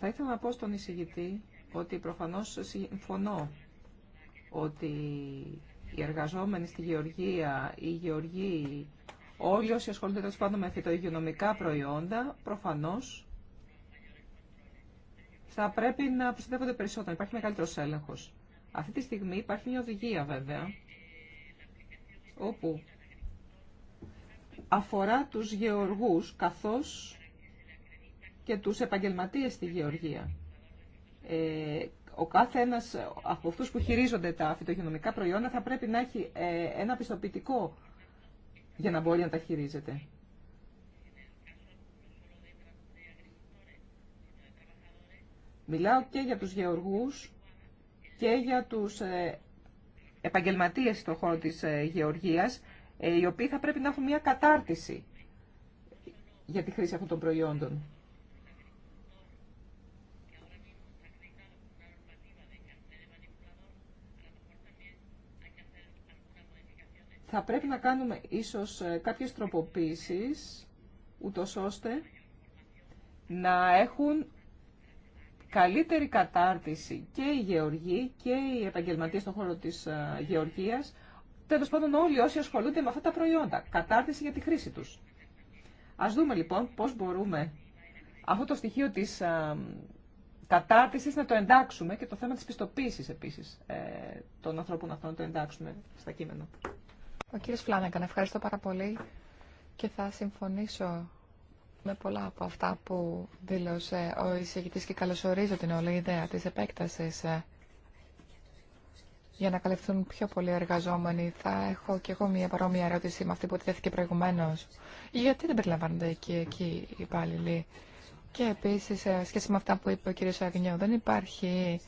Θα ήθελα να πω στον εισηγητή ότι προφανώς συμφωνώ ότι οι εργαζόμενοι στη γεωργία, οι γεωργοί, όλοι όσοι ασχολούνται τόσο πάντων με φυτοϊγειονομικά προϊόντα, προφανώς θα πρέπει να προστατεύονται περισσότερο, υπάρχει μεγαλύτερο έλεγχο. Αυτή τη στιγμή υπάρχει μια οδηγία βέβαια, όπου αφορά τους γεωργούς καθώς και τους επαγγελματίες στη γεωργία. Ε, ο κάθε ένας από αυτούς που χειρίζονται τα φυτογενομικά προϊόντα θα πρέπει να έχει ε, ένα πιστοποιητικό για να μπορεί να τα χειρίζεται. Μιλάω και για τους γεωργούς και για τους ε, επαγγελματίες στον χώρο της γεωργίας, οι οποίοι θα πρέπει να έχουν μια κατάρτιση για τη χρήση αυτών των προϊόντων. θα πρέπει να κάνουμε ίσως ε, κάποιες τροποποίησεις, ούτω ώστε να έχουν καλύτερη κατάρτιση και οι γεωργοί και οι επαγγελματίες στον χώρο της ε, γεωργίας, τέλο πάντων όλοι όσοι ασχολούνται με αυτά τα προϊόντα, κατάρτιση για τη χρήση τους. Ας δούμε λοιπόν πώς μπορούμε αυτό το στοιχείο της ε, κατάρτισης να το εντάξουμε και το θέμα της πιστοποίησης επίσης των ανθρώπων αυτών να το εντάξουμε στα κείμενα. Ο κύριος Φλάνακαν, ευχαριστώ πάρα πολύ και θα συμφωνήσω με πολλά από αυτά που δήλωσε ο εισηγητής και καλωσορίζω την όλη ιδέα της επέκτασης για να καλυφθούν πιο πολλοί εργαζόμενοι. Θα έχω και εγώ μια παρόμοια ερώτηση με αυτή που τέθηκε προηγουμένω. Γιατί δεν περιλαμβάνονται εκεί, εκεί οι υπάλληλοι. Και επίση, σχέση με αυτά που είπε ο κύριο Αγνιό, δεν υπάρχει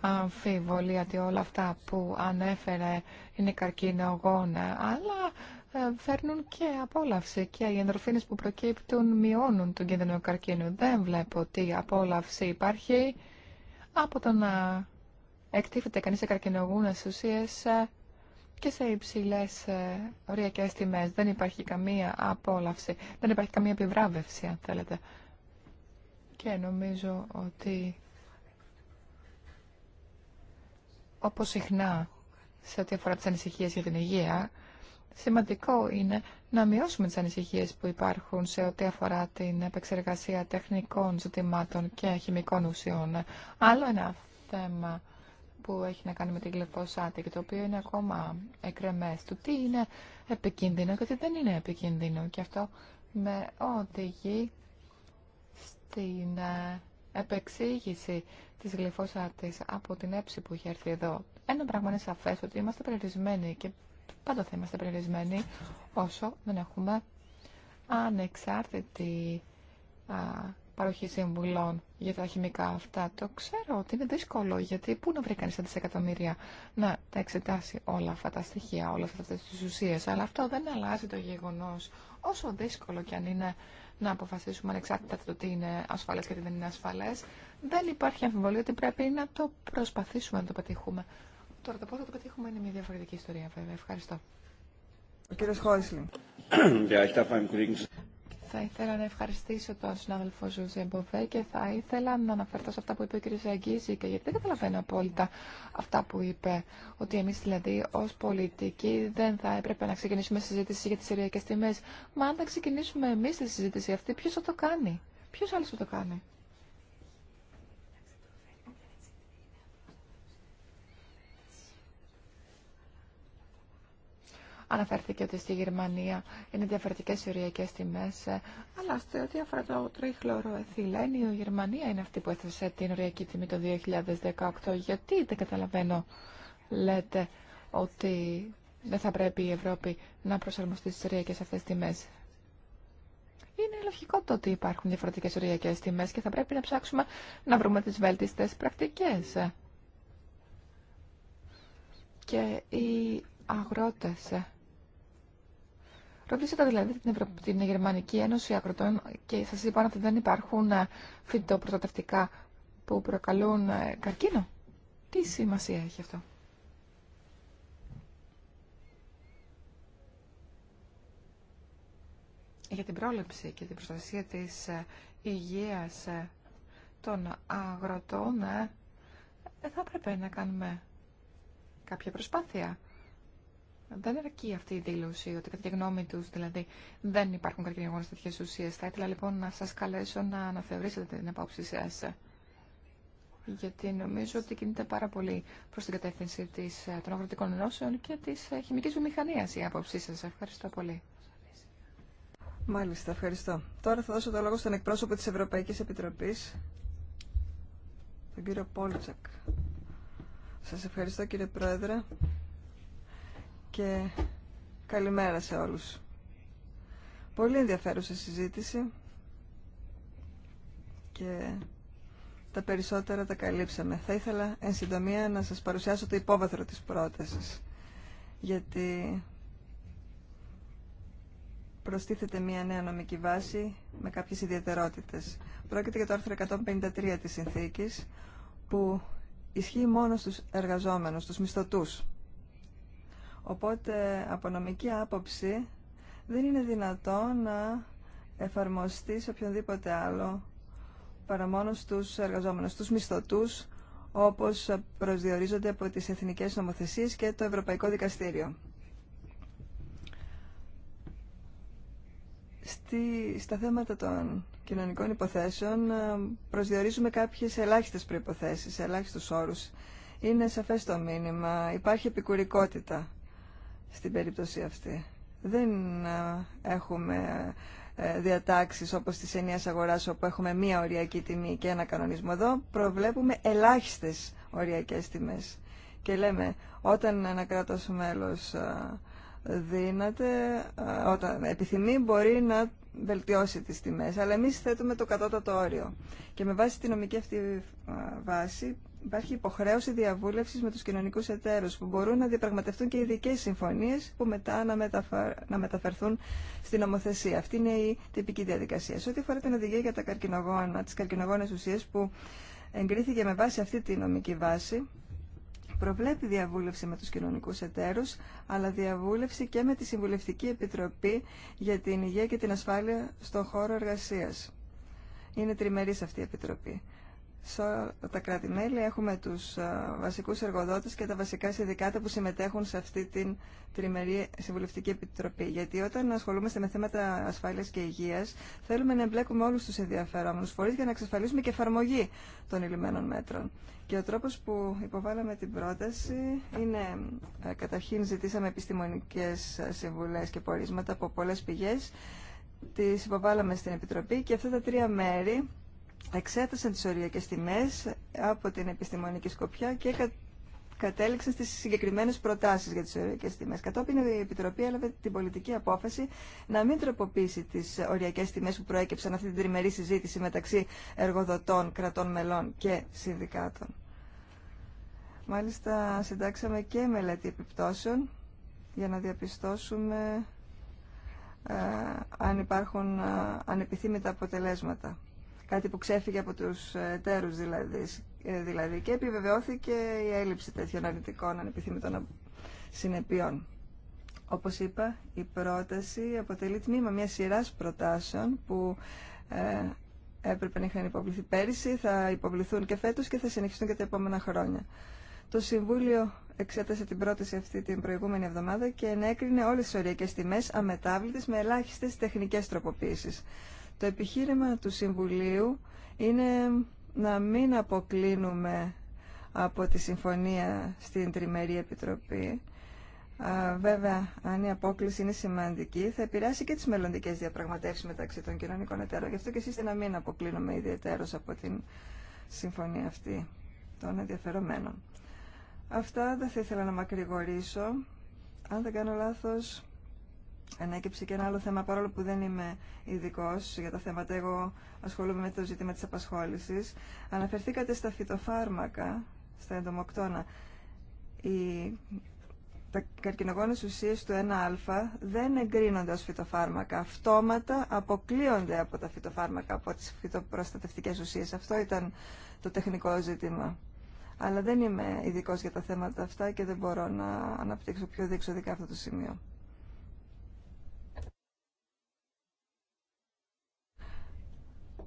αμφιβολία ότι όλα αυτά που ανέφερε είναι καρκινογόνα, αλλά ε, φέρνουν και απόλαυση και οι ενδορφίνες που προκύπτουν μειώνουν τον κίνδυνο καρκίνου. Δεν βλέπω ότι απόλαυση υπάρχει από το να εκτίθεται κανείς σε καρκινογούνες ουσίες ε, και σε υψηλές ε, οριακές τιμές. Δεν υπάρχει καμία απόλαυση, δεν υπάρχει καμία επιβράβευση αν θέλετε. Και νομίζω ότι όπως συχνά σε ό,τι αφορά τις ανησυχίες για την υγεία, σημαντικό είναι να μειώσουμε τις ανησυχίες που υπάρχουν σε ό,τι αφορά την επεξεργασία τεχνικών ζητημάτων και χημικών ουσιών. Άλλο ένα θέμα που έχει να κάνει με την γλυφοσάτη και το οποίο είναι ακόμα εκρεμές του τι είναι επικίνδυνο και τι δεν είναι επικίνδυνο και αυτό με οδηγεί στην ε, επεξήγηση της τη από την έψη που είχε έρθει εδώ. Ένα πράγμα είναι σαφέ ότι είμαστε περιορισμένοι και πάντα θα είμαστε περιορισμένοι όσο δεν έχουμε ανεξάρτητη α, παροχή συμβουλών για τα χημικά αυτά. Το ξέρω ότι είναι δύσκολο, γιατί πού να βρει κανεί τα δισεκατομμύρια να τα εξετάσει όλα αυτά τα στοιχεία, όλε αυτέ τι ουσίε. Αλλά αυτό δεν αλλάζει το γεγονό. όσο δύσκολο και αν είναι να αποφασίσουμε ανεξάρτητα το τι είναι ασφαλές και τι δεν είναι ασφαλές. Δεν υπάρχει αμφιβολία ότι πρέπει να το προσπαθήσουμε να το πετύχουμε. Τώρα το πώς θα το πετύχουμε είναι μια διαφορετική ιστορία βέβαια. Ευχαριστώ. Ο κύριος Χόισλιν. Θα ήθελα να ευχαριστήσω τον συνάδελφο Ζωζέ Μποβέ και θα ήθελα να αναφερθώ σε αυτά που είπε ο κ. Ζαγκίζη και γιατί δεν καταλαβαίνω απόλυτα αυτά που είπε, ότι εμείς δηλαδή ω πολιτικοί δεν θα έπρεπε να ξεκινήσουμε συζήτηση για τις συριακές τιμέ, Μα αν δεν ξεκινήσουμε εμείς τη συζήτηση αυτή, ποιο θα το κάνει, Ποιο άλλο θα το κάνει. Αναφέρθηκε ότι στη Γερμανία είναι διαφορετικέ οι οριακέ τιμέ, ε, αλλά στο ό,τι αφορά το τρίχλωρο εθιλένιο, η Γερμανία είναι αυτή που έθεσε την οριακή τιμή το 2018. Γιατί δεν καταλαβαίνω, λέτε, ότι δεν θα πρέπει η Ευρώπη να προσαρμοστεί στι οριακέ αυτέ τιμέ. Είναι λογικό το ότι υπάρχουν διαφορετικέ οριακέ τιμέ και θα πρέπει να ψάξουμε να βρούμε τι βέλτιστε πρακτικέ. Και οι αγρότες ε, Ρωτήσατε δηλαδή την, Ευρω... την Γερμανική Ένωση Ακροτών και σας είπαν ότι δεν υπάρχουν ε, φυτοπροστατευτικά που προκαλούν ε, καρκίνο. Τι σημασία έχει αυτό. Για την πρόληψη και την προστασία της ε, υγείας των αγροτών θα έπρεπε να κάνουμε κάποια προσπάθεια δεν αρκεί αυτή η δήλωση ότι κατά τη γνώμη του δηλαδή δεν υπάρχουν καρκινογόνε τέτοιε ουσίε. Θα ήθελα λοιπόν να σα καλέσω να αναθεωρήσετε την απόψη σα. Γιατί νομίζω ότι κινείται πάρα πολύ προ την κατεύθυνση της, ε, των αγροτικών ενώσεων και τη ε, χημική βιομηχανία η άποψή σα. Ευχαριστώ πολύ. Μάλιστα, ευχαριστώ. Τώρα θα δώσω το λόγο στον εκπρόσωπο τη Ευρωπαϊκή Επιτροπή, τον κύριο Πόλτσακ. Σα ευχαριστώ κύριε Πρόεδρε και καλημέρα σε όλους. Πολύ ενδιαφέρουσα συζήτηση και τα περισσότερα τα καλύψαμε. Θα ήθελα εν συντομία να σας παρουσιάσω το υπόβαθρο της πρότασης, γιατί προστίθεται μια νέα νομική βάση με κάποιες ιδιαιτερότητες. Πρόκειται για το άρθρο 153 της συνθήκης, που ισχύει μόνο στους εργαζόμενους, στους μισθωτούς. Οπότε από νομική άποψη δεν είναι δυνατό να εφαρμοστεί σε οποιονδήποτε άλλο παρά μόνο στους εργαζόμενους, στους μισθωτούς, όπως προσδιορίζονται από τις εθνικές νομοθεσίες και το Ευρωπαϊκό Δικαστήριο. Στη, στα θέματα των κοινωνικών υποθέσεων ε, προσδιορίζουμε κάποιες ελάχιστες προϋποθέσεις, ελάχιστους όρους. Είναι σαφές το μήνυμα, υπάρχει επικουρικότητα στην περίπτωση αυτή. Δεν ε, έχουμε ε, διατάξεις όπως τις ενίας αγοράς όπου έχουμε μία οριακή τιμή και ένα κανονισμό. Εδώ προβλέπουμε ελάχιστες οριακές τιμές. Και λέμε, όταν ένα κράτος μέλος ε, δύναται, όταν επιθυμεί μπορεί να βελτιώσει τις τιμές. Αλλά εμείς θέτουμε το κατώτατο όριο. Και με βάση τη νομική αυτή βάση υπάρχει υποχρέωση διαβούλευση με του κοινωνικού εταίρου που μπορούν να διαπραγματευτούν και ειδικέ συμφωνίες που μετά να, μεταφερθούν στην νομοθεσία. Αυτή είναι η τυπική διαδικασία. Σε ό,τι αφορά την οδηγία για τα καρκινογόνα, τι καρκινογόνες ουσίες που εγκρίθηκε με βάση αυτή τη νομική βάση, προβλέπει διαβούλευση με του κοινωνικού εταίρου, αλλά διαβούλευση και με τη Συμβουλευτική Επιτροπή για την Υγεία και την Ασφάλεια στον χώρο εργασία. Είναι τριμερή αυτή η Επιτροπή σε όλα τα κράτη-μέλη έχουμε τους ε, βασικούς εργοδότες και τα βασικά συνδικάτα που συμμετέχουν σε αυτή την τριμερή συμβουλευτική επιτροπή. Γιατί όταν ασχολούμαστε με θέματα ασφάλειας και υγείας θέλουμε να εμπλέκουμε όλους τους ενδιαφερόμενους φορείς για να εξασφαλίσουμε και εφαρμογή των ηλυμένων μέτρων. Και ο τρόπος που υποβάλαμε την πρόταση είναι ε, καταρχήν ζητήσαμε επιστημονικές ε, συμβουλές και πορίσματα από πολλές πηγές τις υποβάλαμε στην Επιτροπή και αυτά τα τρία μέρη εξέτασαν τις οριακές τιμές από την επιστημονική σκοπιά και κα, κατέληξαν στις συγκεκριμένες προτάσεις για τις οριακές τιμές. Κατόπιν η Επιτροπή έλαβε την πολιτική απόφαση να μην τροποποιήσει τις οριακές τιμές που προέκυψαν αυτή την τριμερή συζήτηση μεταξύ εργοδοτών, κρατών μελών και συνδικάτων. Μάλιστα συντάξαμε και μελέτη επιπτώσεων για να διαπιστώσουμε ε, αν υπάρχουν ε, ανεπιθύμητα αποτελέσματα κάτι που ξέφυγε από τους εταίρους δηλαδή, ε, δηλαδή και επιβεβαιώθηκε η έλλειψη τέτοιων αρνητικών ανεπιθύμητων συνεπειών. Όπως είπα, η πρόταση αποτελεί τμήμα μια σειράς προτάσεων που ε, έπρεπε να είχαν υποβληθεί πέρυσι, θα υποβληθούν και φέτος και θα συνεχιστούν και τα επόμενα χρόνια. Το Συμβούλιο εξέτασε την πρόταση αυτή την προηγούμενη εβδομάδα και ενέκρινε όλες τις οριακές τιμές αμετάβλητες με ελάχιστες τεχνικές τροποποίησεις. Το επιχείρημα του Συμβουλίου είναι να μην αποκλίνουμε από τη συμφωνία στην Τριμερή Επιτροπή. βέβαια, αν η απόκληση είναι σημαντική, θα επηρεάσει και τις μελλοντικές διαπραγματεύσεις μεταξύ των κοινωνικών εταίρων. Γι' αυτό και εσείς να μην αποκλίνουμε ιδιαίτερως από την συμφωνία αυτή των ενδιαφερομένων. Αυτά δεν θα ήθελα να μακρηγορήσω. Αν δεν κάνω λάθος, ανέκυψε και ένα άλλο θέμα, παρόλο που δεν είμαι ειδικό για τα θέματα, εγώ ασχολούμαι με το ζήτημα της απασχόλησης. Αναφερθήκατε στα φυτοφάρμακα, στα εντομοκτώνα. Οι, τα καρκινογόνες ουσίες του 1α δεν εγκρίνονται ως φυτοφάρμακα. Αυτόματα αποκλείονται από τα φυτοφάρμακα, από τις φυτοπροστατευτικές ουσίες. Αυτό ήταν το τεχνικό ζήτημα. Αλλά δεν είμαι ειδικό για τα θέματα αυτά και δεν μπορώ να αναπτύξω πιο διεξοδικά αυτό το σημείο.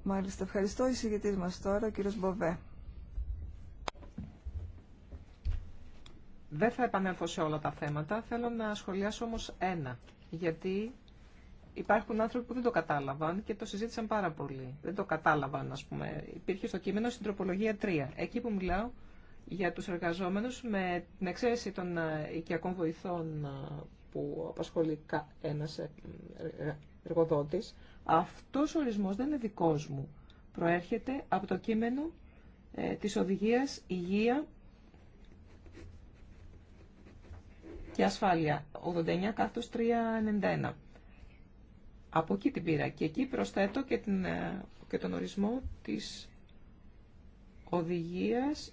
Μάλιστα, ευχαριστώ. Η συγγετής μας τώρα, ο κύριος Μποβέ. Δεν θα επανέλθω σε όλα τα θέματα, θέλω να σχολιάσω όμως ένα, γιατί υπάρχουν άνθρωποι που δεν το κατάλαβαν και το συζήτησαν πάρα πολύ. Δεν το κατάλαβαν, ας πούμε. Υπήρχε στο κείμενο στην τροπολογία 3, εκεί που μιλάω για τους εργαζόμενους με την εξαίρεση των ε, οικιακών βοηθών ε, που απασχολεί ένα ε, εργοδότης, αυτός ο ορισμός δεν είναι δικός μου. Προέρχεται από το κείμενο ε, της οδηγίας υγεία και ασφάλεια 89 391. Από εκεί την πήρα και εκεί προσθέτω και, την, ε, και τον ορισμό της οδηγίας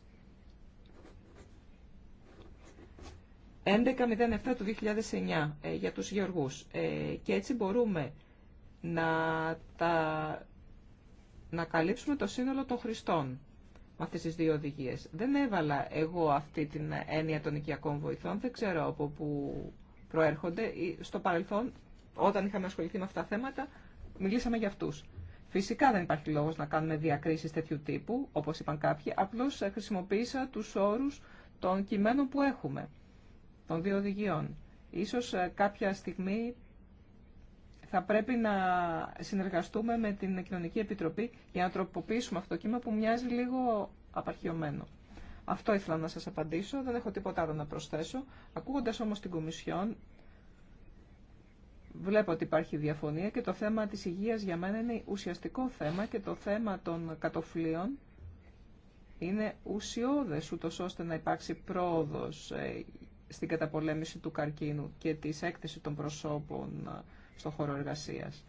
11.07 του 2009 ε, για τους γεωργούς. Ε, και έτσι μπορούμε να, να καλύψουμε το σύνολο των χρηστών με αυτές τις δύο οδηγίες. Δεν έβαλα εγώ αυτή την έννοια των οικιακών βοηθών, δεν ξέρω από πού προέρχονται. Στο παρελθόν, όταν είχαμε ασχοληθεί με αυτά τα θέματα, μιλήσαμε για αυτούς. Φυσικά δεν υπάρχει λόγος να κάνουμε διακρίσεις τέτοιου τύπου, όπως είπαν κάποιοι, απλώς χρησιμοποίησα τους όρους των κειμένων που έχουμε, των δύο οδηγιών. Ίσως ε, κάποια στιγμή θα πρέπει να συνεργαστούμε με την Κοινωνική Επιτροπή για να τροποποιήσουμε αυτό το κύμα που μοιάζει λίγο απαρχιωμένο. Αυτό ήθελα να σας απαντήσω, δεν έχω τίποτα άλλο να προσθέσω. Ακούγοντας όμως την Κομισιόν, βλέπω ότι υπάρχει διαφωνία και το θέμα της υγείας για μένα είναι ουσιαστικό θέμα και το θέμα των κατοφλίων είναι ουσιώδες ούτω ώστε να υπάρξει πρόοδος ε, στην καταπολέμηση του καρκίνου και της έκθεση των προσώπων στο χώρο εργασίας.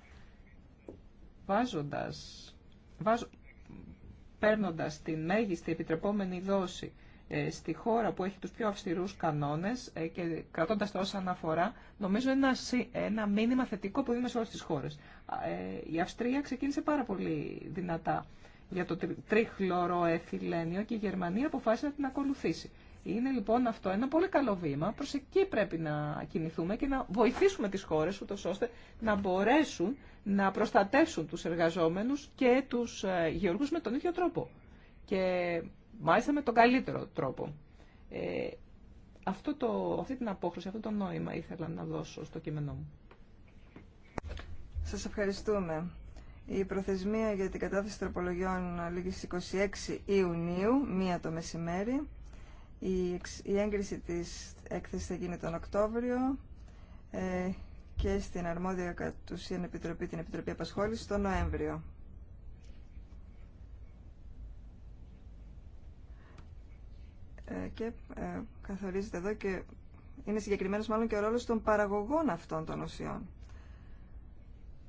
Βάζοντας, παίρνοντας την μέγιστη επιτρεπόμενη δόση ε, στη χώρα που έχει τους πιο αυστηρούς κανόνες ε, και κρατώντας το όσα αναφορά, νομίζω ένα, ένα μήνυμα θετικό που δίνουμε σε όλες τις χώρες. Ε, η Αυστρία ξεκίνησε πάρα πολύ δυνατά για το τρίχλωρο και η Γερμανία αποφάσισε να την ακολουθήσει. Είναι λοιπόν αυτό ένα πολύ καλό βήμα. Προς εκεί πρέπει να κινηθούμε και να βοηθήσουμε τις χώρε ούτω ώστε να μπορέσουν να προστατεύσουν τους εργαζόμενους και τους ε, γεωργούς με τον ίδιο τρόπο. Και μάλιστα με τον καλύτερο τρόπο. Ε, αυτό το, αυτή την απόχρωση, αυτό το νόημα ήθελα να δώσω στο κείμενό μου. Σας ευχαριστούμε. Η προθεσμία για την κατάθεση τροπολογιών λήγει 26 Ιουνίου, μία το μεσημέρι. Η έγκριση της έκθεσης θα γίνει τον Οκτώβριο ε, και στην αρμόδια κατ' ουσίαν επιτροπή, την Επιτροπή Απασχόλησης, τον Νοέμβριο. Ε, και ε, καθορίζεται εδώ και είναι συγκεκριμένος μάλλον και ο ρόλος των παραγωγών αυτών των ουσιών.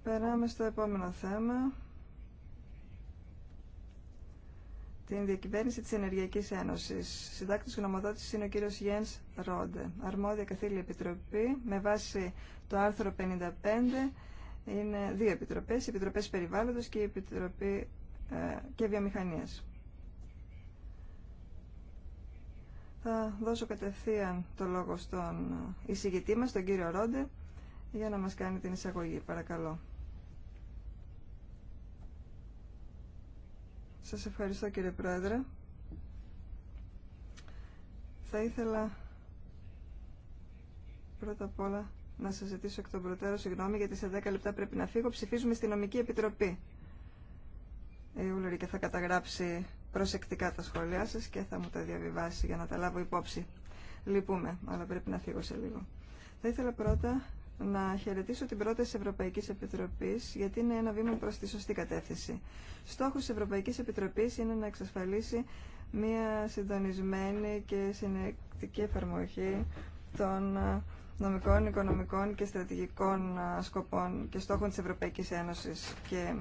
Περάμε στο επόμενο θέμα. την διακυβέρνηση της Ενεργειακής Ένωσης. Συντάκτης γνωμοδότης είναι ο κύριος Γιένς Ρόντε. Αρμόδια καθήλια επιτροπή με βάση το άρθρο 55 είναι δύο επιτροπές, οι επιτροπές περιβάλλοντος και η επιτροπή ε, και βιομηχανίας. Θα δώσω κατευθείαν το λόγο στον εισηγητή μας, τον κύριο Ρόντε, για να μας κάνει την εισαγωγή. Παρακαλώ. Σας ευχαριστώ κύριε Πρόεδρε. Θα ήθελα πρώτα απ' όλα να σας ζητήσω εκ των προτέρων συγγνώμη γιατί σε 10 λεπτά πρέπει να φύγω. Ψηφίζουμε στη νομική επιτροπή. Η και θα καταγράψει προσεκτικά τα σχόλιά σας και θα μου τα διαβιβάσει για να τα λάβω υπόψη. Λυπούμε, αλλά πρέπει να φύγω σε λίγο. Θα ήθελα πρώτα να χαιρετήσω την πρόταση Ευρωπαϊκής Επιτροπής γιατί είναι ένα βήμα προς τη σωστή κατεύθυνση. Στόχος της Ευρωπαϊκής Επιτροπής είναι να εξασφαλίσει μια συντονισμένη και συνεκτική εφαρμογή των νομικών, οικονομικών και στρατηγικών σκοπών και στόχων της Ευρωπαϊκής Ένωσης. Και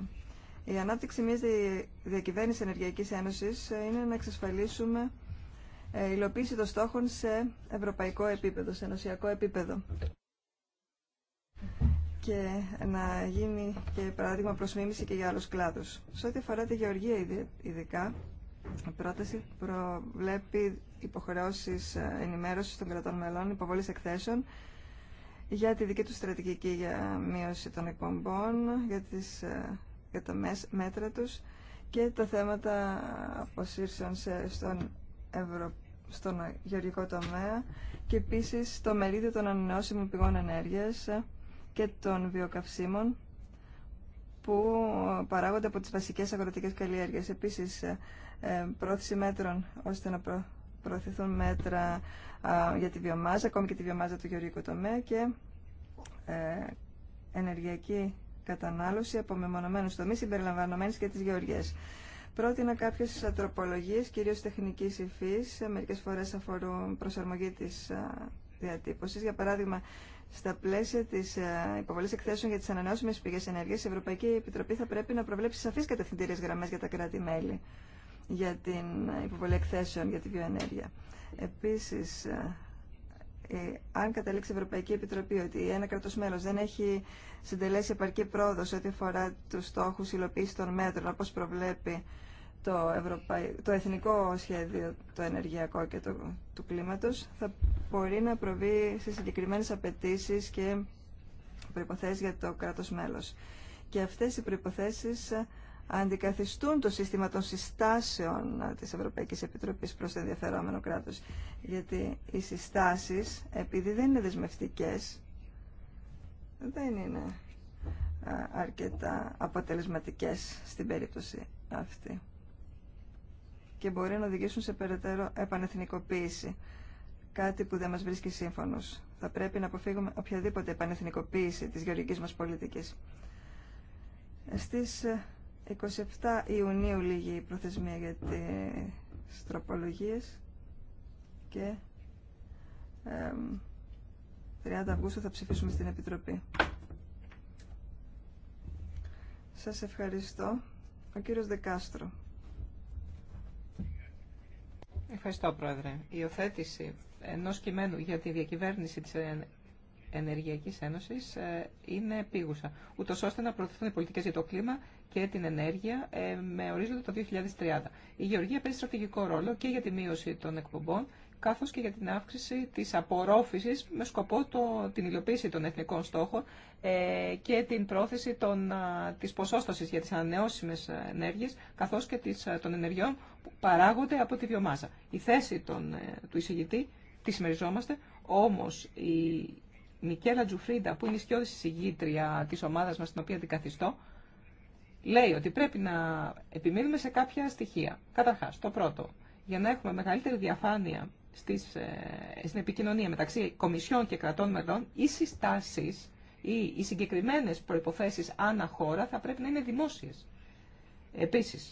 η ανάπτυξη μιας διακυβέρνησης Ενεργειακής Ένωσης είναι να εξασφαλίσουμε ε, υλοποίηση των στόχων σε ευρωπαϊκό επίπεδο, σε ενωσιακό επίπεδο και να γίνει και παράδειγμα προς και για άλλους κλάδους. Σε ό,τι αφορά τη γεωργία ειδικά, η πρόταση προβλέπει υποχρεώσεις ε, ενημέρωσης των κρατών μελών, υποβολής εκθέσεων για τη δική του στρατηγική για μείωση των εκπομπών, για, τις, ε, για τα μέτρα τους και τα θέματα αποσύρσεων σε, στον, Ευρω... στον γεωργικό τομέα και επίσης το μερίδιο των ανανεώσιμων πηγών ενέργειας και των βιοκαυσίμων που ε, παράγονται από τις βασικές αγροτικές καλλιέργειες. Επίσης, ε, ε, πρόθεση μέτρων ώστε να προωθηθούν μέτρα για τη βιομάζα, ακόμη και τη βιομάζα του γεωργικού τομέα και ενεργειακή κατανάλωση από μεμονωμένους τομείς συμπεριλαμβανομένης και της γεωργίας. Πρότεινα κάποιε ατροπολογίε κυρίω τεχνική υφή, μερικέ φορέ αφορούν προσαρμογή τη διατύπωση. Για παράδειγμα, στα πλαίσια τη ε, υποβολή εκθέσεων για τι ανανεώσιμε πηγέ ενέργεια, η Ευρωπαϊκή Επιτροπή θα πρέπει να προβλέψει σαφεί κατευθυντήριε γραμμέ για τα κράτη-μέλη για την υποβολή εκθέσεων για τη βιοενέργεια. Επίση, ε, ε, αν καταλήξει η Ευρωπαϊκή Επιτροπή ότι ένα κράτο μέλο δεν έχει συντελέσει επαρκή πρόοδο ό,τι αφορά του στόχου υλοποίηση των μέτρων, όπω προβλέπει το, το εθνικό σχέδιο το ενεργειακό και το του κλίματος θα μπορεί να προβεί σε συγκεκριμένες απαιτήσει και προϋποθέσεις για το κράτος μέλος. Και αυτές οι προϋποθέσεις αντικαθιστούν το σύστημα των συστάσεων της Ευρωπαϊκής Επιτροπής προς το ενδιαφερόμενο κράτος. Γιατί οι συστάσεις, επειδή δεν είναι δεσμευτικές, δεν είναι αρκετά αποτελεσματικές στην περίπτωση αυτή και μπορεί να οδηγήσουν σε περαιτέρω επανεθνικοποίηση. Κάτι που δεν μας βρίσκει σύμφωνο. Θα πρέπει να αποφύγουμε οποιαδήποτε επανεθνικοποίηση τη γεωργικής μας πολιτική. Στι 27 ε, Ιουνίου λήγει η προθεσμία για τις τροπολογίε και 30 Αυγούστου θα ψηφίσουμε στην Επιτροπή. Σας ευχαριστώ. Ο κύριος Δεκάστρο. Ευχαριστώ, Πρόεδρε. Η υιοθέτηση ενός κειμένου για τη διακυβέρνηση της Ενεργειακής Ένωσης ε, είναι επίγουσα, ούτω ώστε να προωθηθούν οι πολιτικές για το κλίμα και την ενέργεια ε, με ορίζοντα το 2030. Η Γεωργία παίζει στρατηγικό ρόλο και για τη μείωση των εκπομπών καθώς και για την αύξηση της απορρόφησης με σκοπό το, την υλοποίηση των εθνικών στόχων ε, και την πρόθεση των, α, της για τις ανανεώσιμες ενέργειες καθώς και των ενεργειών που παράγονται από τη βιομάζα. Η θέση των, ε, του εισηγητή τη συμμεριζόμαστε, όμως η Μικέλα Τζουφρίντα που είναι η σκιώδης εισηγήτρια της ομάδας μας την οποία την καθιστώ, λέει ότι πρέπει να επιμείνουμε σε κάποια στοιχεία. Καταρχάς, το πρώτο, για να έχουμε μεγαλύτερη διαφάνεια στις, ε, στην επικοινωνία μεταξύ κομισιών και κρατών μελών, οι συστάσει ή οι συγκεκριμένε προποθέσει ανά χώρα θα πρέπει να είναι δημόσιε. Επίση,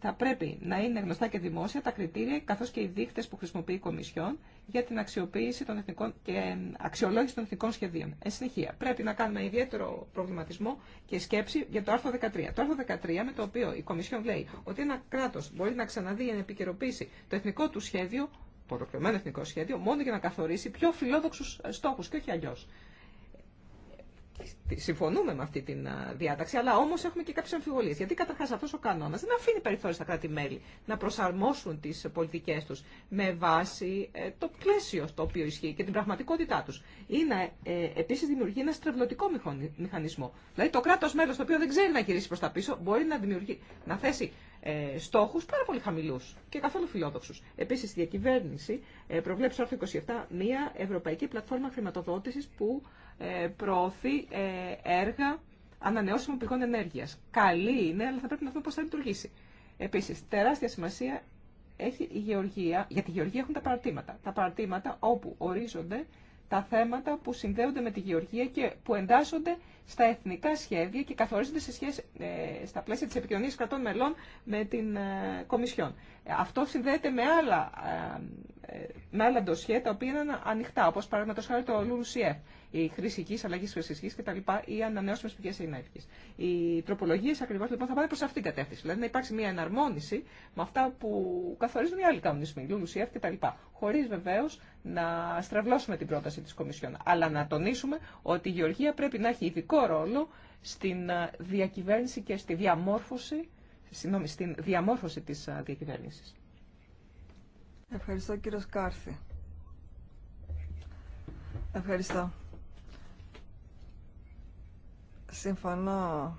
θα πρέπει να είναι γνωστά και δημόσια τα κριτήρια καθώ και οι δείχτες που χρησιμοποιεί η Κομισιόν για την αξιοποίηση των εθνικών και ε, αξιολόγηση των εθνικών σχεδίων. Εν συνεχεία, πρέπει να κάνουμε ιδιαίτερο προβληματισμό και σκέψη για το άρθρο 13. Το άρθρο 13 με το οποίο η Κομισιόν λέει ότι ένα κράτο μπορεί να ξαναδεί να επικαιροποιήσει το εθνικό του σχέδιο ολοκληρωμένο εθνικό σχέδιο μόνο για να καθορίσει πιο φιλόδοξου ε, στόχου και όχι αλλιώ συμφωνούμε με αυτή τη διάταξη, αλλά όμω έχουμε και κάποιε αμφιβολίε. Γιατί καταρχά αυτό ο κανόνα δεν αφήνει περιθώριο στα κράτη-μέλη να προσαρμόσουν τι πολιτικέ του με βάση ε, το πλαίσιο στο οποίο ισχύει και την πραγματικότητά του. Ή ε, επίση δημιουργεί ένα στρεβλωτικό μηχανισμό. Δηλαδή το κράτο μέλο το οποίο δεν ξέρει να γυρίσει προ τα πίσω μπορεί να, να θέσει ε, στόχου πάρα πολύ χαμηλού και καθόλου φιλόδοξου. Επίση, η διακυβέρνηση ε, προβλέπει στο 27 μια ευρωπαϊκή πλατφόρμα χρηματοδότηση που ε, προωθεί ε, έργα ανανεώσιμων πηγών ενέργειας. Καλή είναι, αλλά θα πρέπει να δούμε πώς θα λειτουργήσει. Επίσης, τεράστια σημασία έχει η γεωργία, για τη γεωργία έχουν τα παρατήματα. Τα παρατήματα όπου ορίζονται τα θέματα που συνδέονται με τη γεωργία και που εντάσσονται στα εθνικά σχέδια και καθορίζονται σε σχέση, ε, στα πλαίσια της επικοινωνίας κρατών μελών με την ε, Κομισιόν. Αυτό συνδέεται με άλλα, ε, με άλλα ντοσιέ τα οποία είναι ανοιχτά, όπως παραδείγματος χάρη το LULUCF η χρήση γη, αλλαγή γη κτλ. ή ανανεώσιμε πηγέ ενέργεια. Οι τροπολογίε ακριβώ λοιπόν θα πάνε προ αυτήν την κατεύθυνση. Δηλαδή να υπάρξει μια εναρμόνιση με αυτά που καθορίζουν οι άλλοι κανονισμοί, LULUCF κτλ. Χωρί βεβαίω να στραβλώσουμε την πρόταση τη Κομισιόν. Αλλά να τονίσουμε ότι η Γεωργία πρέπει να έχει ειδικό ρόλο στην ε, διακυβέρνηση και στη διαμόρφωση, συγγνώμη, στην διαμόρφωση της ε, διακυβέρνησης. Ευχαριστώ κύριο Σκάρθη. Ευχαριστώ. Συμφωνώ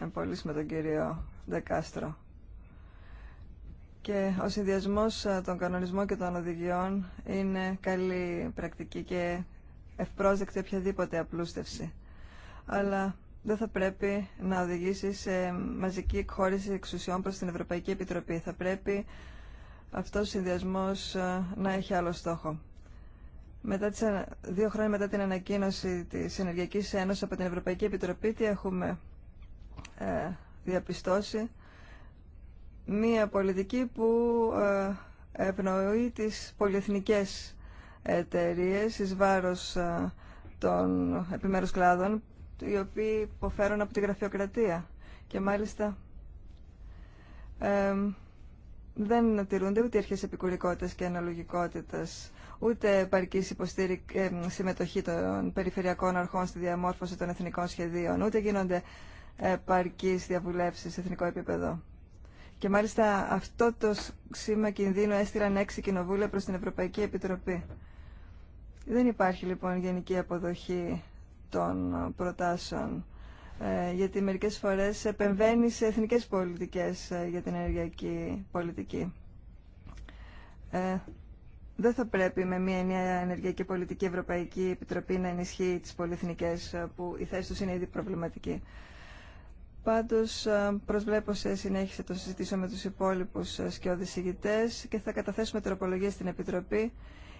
εν πολύ με τον κύριο Δεκάστρο. Και ο συνδυασμό ε, των κανονισμών και των οδηγιών είναι καλή πρακτική και ευπρόσδεκτη οποιαδήποτε απλούστευση. Αλλά δεν θα πρέπει να οδηγήσει σε μαζική εκχώρηση εξουσιών προς την Ευρωπαϊκή Επιτροπή. Θα πρέπει αυτός ο συνδυασμός ε, να έχει άλλο στόχο. Μετά τις, δύο χρόνια μετά την ανακοίνωση της Ενεργειακής Ένωσης από την Ευρωπαϊκή Επιτροπή, έχουμε ε, διαπιστώσει. Μία πολιτική που ε, ευνοεί τις πολυεθνικές εταιρείε εις βάρος ε, των επιμέρους κλάδων, οι οποίοι υποφέρουν από τη γραφειοκρατία. Και μάλιστα ε, δεν τηρούνται ούτε οι αρχές επικουρικότητας και αναλογικότητας ούτε επαρκή ε, συμμετοχή των περιφερειακών αρχών στη διαμόρφωση των εθνικών σχεδίων, ούτε γίνονται επαρκεί διαβουλεύσει σε εθνικό επίπεδο. Και μάλιστα αυτό το σήμα κινδύνου έστειλαν έξι κοινοβούλια προ την Ευρωπαϊκή Επιτροπή. Δεν υπάρχει λοιπόν γενική αποδοχή των προτάσεων ε, γιατί μερικές φορές επεμβαίνει σε εθνικές πολιτικές ε, για την ενεργειακή πολιτική δεν θα πρέπει με μια νέα ενεργειακή πολιτική Ευρωπαϊκή Επιτροπή να ενισχύει τις πολυεθνικές ε, που η θέση τους είναι ήδη προβληματική. Πάντως ε, προσβλέπω σε συνέχιση το συζητήσω με τους υπόλοιπους ε, σκιώδης ηγητές και θα καταθέσουμε τροπολογία στην Επιτροπή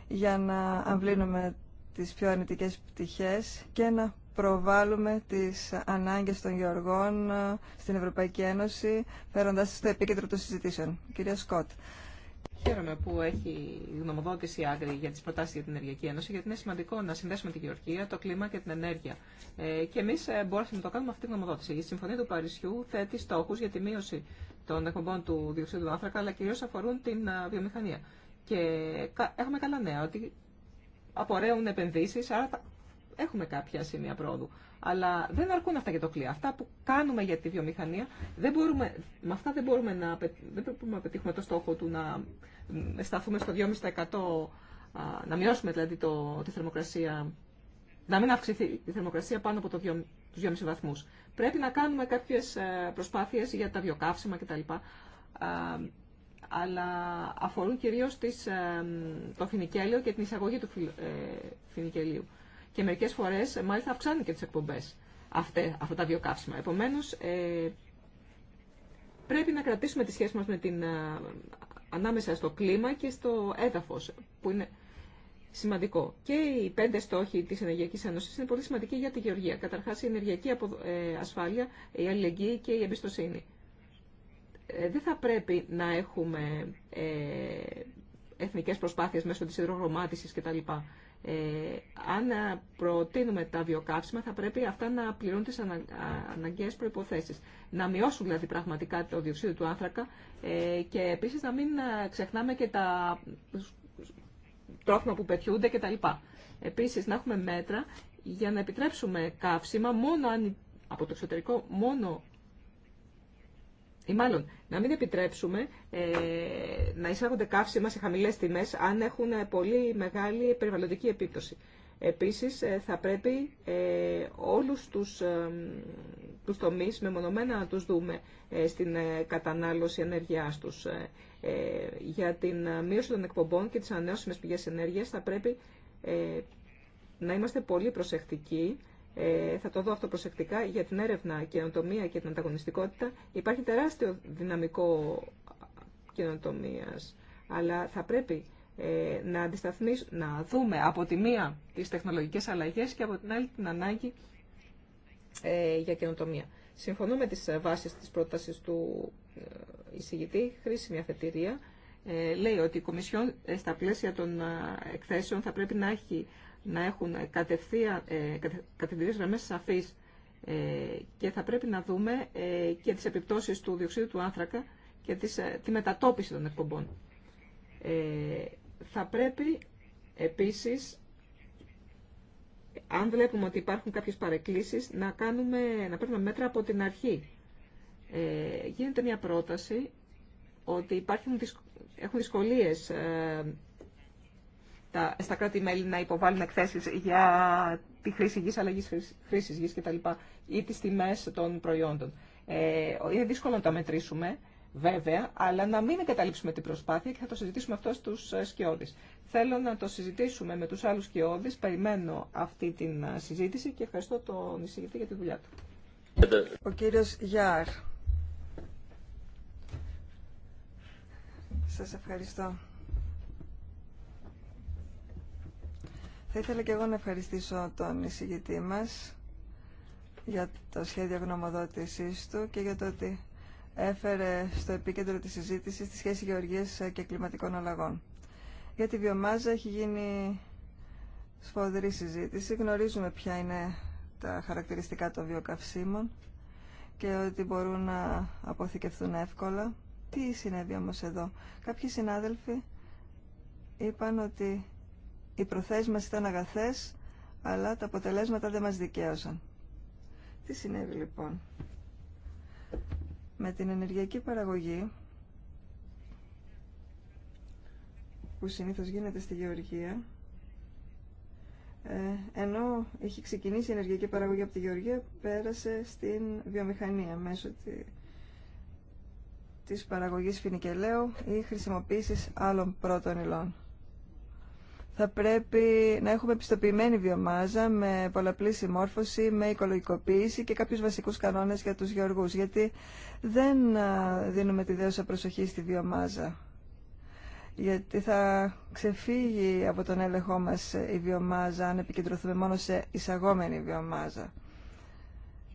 για να αμβλύνουμε τις πιο αρνητικές πτυχές και να προβάλλουμε τις ανάγκες των γεωργών στην Ευρωπαϊκή Ένωση, φέροντας στο επίκεντρο των συζητήσεων. Κυρία Σκότ, Χαίρομαι που έχει γνωμοδότηση άγρη για τι προτάσει για την Ενεργειακή Ένωση, γιατί είναι σημαντικό να συνδέσουμε τη γεωργία, το κλίμα και την ενέργεια. Ε, και εμεί ε, μπορέσαμε να το κάνουμε αυτή τη γνωμοδότηση. Η Συμφωνία του Παρισιού θέτει στόχου για τη μείωση των εκπομπών του διοξείδου άνθρακα, αλλά κυρίω αφορούν την ε, βιομηχανία. Και έχουμε καλά νέα ότι απορρέουν επενδύσει, άρα έχουμε κάποια σημεία πρόοδου. Αλλά δεν αρκούν αυτά για το κλειό. Αυτά που κάνουμε για τη βιομηχανία, δεν μπορούμε, με αυτά δεν μπορούμε, να, να πετύχουμε το στόχο του να σταθούμε στο 2,5%, να μειώσουμε δηλαδή το, τη θερμοκρασία, να μην αυξηθεί η θερμοκρασία πάνω από το 2,5 βαθμούς. Πρέπει να κάνουμε κάποιες ε, προσπάθειες για τα βιοκαύσιμα κτλ. Αλλά αφορούν κυρίως ε, το φινικέλαιο και την εισαγωγή του ε, φινικελίου και μερικές φορές μάλιστα αυξάνουν και τις εκπομπές αυτά τα βιοκαύσιμα. Επομένως, ε, πρέπει να κρατήσουμε τη σχέση μας με την, ε, ανάμεσα στο κλίμα και στο έδαφος, που είναι σημαντικό. Και οι πέντε στόχοι της Ενεργειακής Ένωσης είναι πολύ σημαντικοί για τη γεωργία. Καταρχάς, η ενεργειακή ε, ασφάλεια, η αλληλεγγύη και η εμπιστοσύνη. Ε, δεν θα πρέπει να έχουμε ε, Εθνικέ προσπάθειες μέσω της υδρογρομάτιση κτλ. Ε, αν προτείνουμε τα βιοκαύσιμα θα πρέπει αυτά να πληρούν τι ανα, αναγκαίες προϋποθέσεις. Να μειώσουν δηλαδή πραγματικά το διοξείδιο του άνθρακα ε, και επίσης να μην ε, ξεχνάμε και τα τρόφιμα που πετιούνται κτλ. Επίσης να έχουμε μέτρα για να επιτρέψουμε καύσιμα μόνο αν, από το εξωτερικό μόνο ή μάλλον να μην επιτρέψουμε ε, να εισάγονται καύσιμα σε χαμηλέ τιμέ αν έχουν ε, πολύ μεγάλη περιβαλλοντική επίπτωση. Επίσης ε, θα πρέπει ε, όλους τους, ε, τους τομείς μεμονωμένα να τους δούμε ε, στην κατανάλωση ενέργειάς τους. για την μείωση των εκπομπών και τι ανανεώσιμε πηγέ ενέργεια. θα πρέπει να είμαστε πολύ προσεκτικοί ε, θα το δω αυτό προσεκτικά, για την έρευνα καινοτομία και την ανταγωνιστικότητα υπάρχει τεράστιο δυναμικό καινοτομία. Αλλά θα πρέπει ε, να αντισταθμίσουμε, να δούμε από τη μία τις τεχνολογικές αλλαγές και από την άλλη την ανάγκη ε, για καινοτομία. Συμφωνώ με τις βάσεις της πρότασης του ε, εισηγητή, χρήσιμη αφετηρία. Ε, λέει ότι η Κομισιόν στα πλαίσια των εκθέσεων θα πρέπει να έχει να έχουν ε, κατευθυντήριες γραμμές σαφείς ε, και θα πρέπει να δούμε ε, και τις επιπτώσεις του διοξείδου του άνθρακα και τη μετατόπιση των εκπομπών. Θα πρέπει επίσης, αν βλέπουμε ότι υπάρχουν κάποιες παρεκκλήσεις, να, κάνουμε, να παίρνουμε μέτρα από την αρχή. γίνεται μια πρόταση ότι υπάρχουν, έχουν δυσκολίες τα, στα κράτη-μέλη να υποβάλουν εκθέσει για τη χρήση γη αλλαγή χρήση γη κτλ. ή τι τιμέ των προϊόντων. Ε, είναι δύσκολο να τα μετρήσουμε, βέβαια, αλλά να μην εγκαταλείψουμε την προσπάθεια και θα το συζητήσουμε αυτό στου ε, σκιώδει. Θέλω να το συζητήσουμε με τους άλλους σκιώδει. Περιμένω αυτή τη ε, συζήτηση και ευχαριστώ τον εισηγητή για τη δουλειά του. Ο κύριος Γιάρ. Σας ευχαριστώ. Θα ήθελα και εγώ να ευχαριστήσω τον εισηγητή μας για το σχέδιο γνωμοδότησής του και για το ότι έφερε στο επίκεντρο της συζήτησης τη σχέση γεωργίας και κλιματικών αλλαγών. Για τη βιομάζα έχει γίνει σφοδρή συζήτηση. Γνωρίζουμε ποια είναι τα χαρακτηριστικά των βιοκαυσίμων και ότι μπορούν να αποθηκευτούν εύκολα. Τι συνέβη όμως εδώ. Κάποιοι συνάδελφοι είπαν ότι οι προθέσει μα ήταν αγαθές, αλλά τα αποτελέσματα δεν μας δικαίωσαν. Τι συνέβη λοιπόν. Με την ενεργειακή παραγωγή, που συνήθως γίνεται στη γεωργία, ε, ενώ είχε ξεκινήσει η ενεργειακή παραγωγή από τη γεωργία, πέρασε στην βιομηχανία μέσω της παραγωγής φινικελαίου ή χρησιμοποίησης άλλων πρώτων υλών θα πρέπει να έχουμε επιστοποιημένη βιομάζα με πολλαπλή συμμόρφωση, με οικολογικοποίηση και κάποιους βασικούς κανόνες για τους γεωργούς, γιατί δεν δίνουμε τη δέωσα προσοχή στη βιομάζα. Γιατί θα ξεφύγει από τον έλεγχό μας η βιομάζα αν επικεντρωθούμε μόνο σε εισαγόμενη βιομάζα.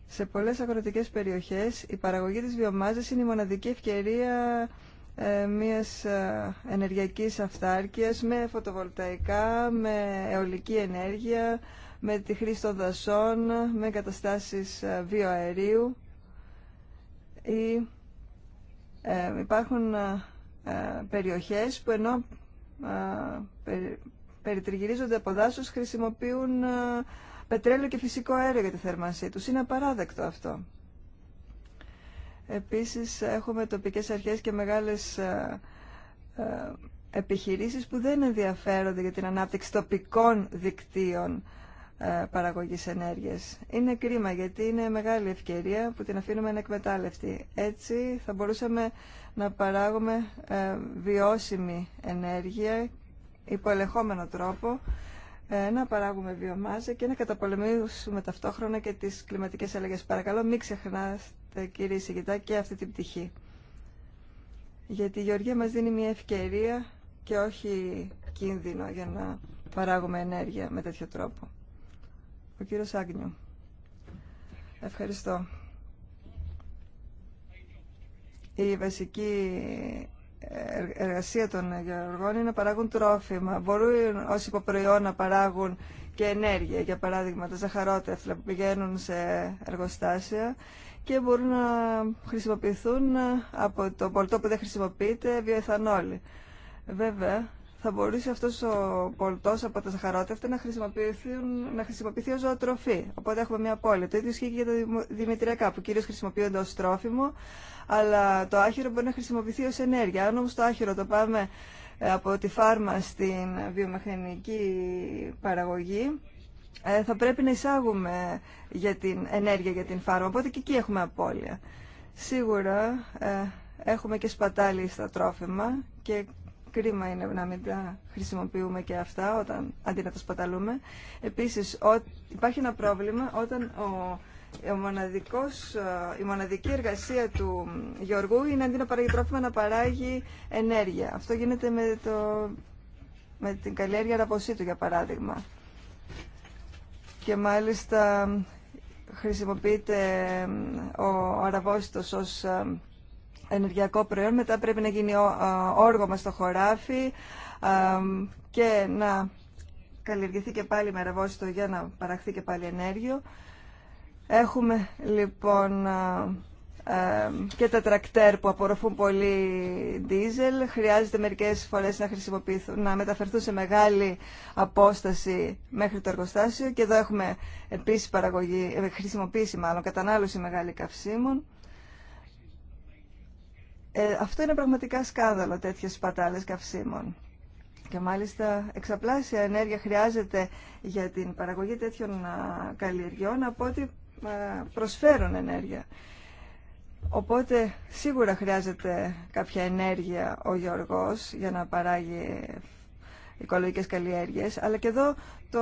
Σε πολλές αγροτικές περιοχές η παραγωγή της βιομάζας είναι η μοναδική ευκαιρία ε, μιας ε, ενεργειακής αυτάρκειας με φωτοβολταϊκά, με αιωλική ενέργεια, με τη χρήση των δασών, με καταστάσεις ε, βιοαερίου ή υπάρχουν περιοχές που ενώ ε, περιτριγυρίζονται από δάσους χρησιμοποιούν πετρέλαιο και φυσικό αέριο για τη θέρμανσή τους. Είναι απαράδεκτο αυτό. Επίσης έχουμε τοπικές αρχές και μεγάλες ε, ε, επιχειρήσεις που δεν ενδιαφέρονται για την ανάπτυξη τοπικών δικτύων ε, παραγωγής ενέργειας. Είναι κρίμα γιατί είναι μεγάλη ευκαιρία που την αφήνουμε να ανεκμετάλλευτη. Έτσι θα μπορούσαμε να παράγουμε βιώσιμη ενέργεια υπό τρόπο, να παράγουμε βιομάζα και να καταπολεμήσουμε ταυτόχρονα και τις κλιματικές αλλαγές. Παρακαλώ μην ξεχνάτε ε, κύριε Σιγητά και αυτή την πτυχή. Γιατί η Γεωργία μας δίνει μια ευκαιρία και όχι κίνδυνο για να παράγουμε ενέργεια με τέτοιο τρόπο. Ο κύριος Άγνιου. Ευχαριστώ. Η βασική εργασία των γεωργών είναι να παράγουν τρόφιμα. Μπορούν ως υποπροϊόν να παράγουν και ενέργεια, για παράδειγμα τα ζαχαρότευλα που πηγαίνουν σε εργοστάσια και μπορούν να χρησιμοποιηθούν ε, από το πολτό που δεν χρησιμοποιείται βιοεθανόλη. Βέβαια, θα μπορούσε αυτός ο πολτός από τα σαχαρότευτα να, να χρησιμοποιηθεί ως ζωοτροφή. Οπότε έχουμε μια πόλη. Το ίδιο ισχύει και για τα δημητριακά που κυρίω χρησιμοποιούνται ω τρόφιμο, αλλά το άχυρο μπορεί να χρησιμοποιηθεί ω ενέργεια. Αν όμω το άχυρο το πάμε ε, από τη φάρμα στην βιομηχανική παραγωγή, ε, θα πρέπει να εισάγουμε για την ενέργεια για την φάρμα, οπότε και εκεί έχουμε απώλεια. Σίγουρα ε, έχουμε και σπατάλη στα τρόφιμα και κρίμα είναι να μην τα χρησιμοποιούμε και αυτά όταν, αντί να τα σπαταλούμε. Επίσης υπάρχει ένα πρόβλημα όταν ε, η μοναδική εργασία του Γιώργου είναι αντί να παράγει τρόφιμα να παράγει ενέργεια. Αυτό γίνεται με, με την καλλιέργεια ραποσίτου για παράδειγμα και μάλιστα χρησιμοποιείται ο αραβόστος ως ενεργειακό προϊόν. Μετά πρέπει να γίνει όργωμα στο χωράφι και να καλλιεργηθεί και πάλι με αραβόστο για να παραχθεί και πάλι ενέργειο. Έχουμε λοιπόν και τα τρακτέρ που απορροφούν πολύ δίζελ χρειάζεται μερικές φορές να χρησιμοποιηθούν, να μεταφερθούν σε μεγάλη απόσταση μέχρι το εργοστάσιο και εδώ έχουμε επίσης παραγωγή, ε, χρησιμοποίηση μάλλον, κατανάλωση μεγάλη καυσίμων. Ε, αυτό είναι πραγματικά σκάνδαλο τέτοιες πατάλες καυσίμων. Και μάλιστα εξαπλάσια ενέργεια χρειάζεται για την παραγωγή τέτοιων καλλιεργιών από ό,τι προσφέρουν ενέργεια. Οπότε σίγουρα χρειάζεται κάποια ενέργεια ο Γιώργος για να παράγει οικολογικές καλλιέργειες, αλλά και εδώ το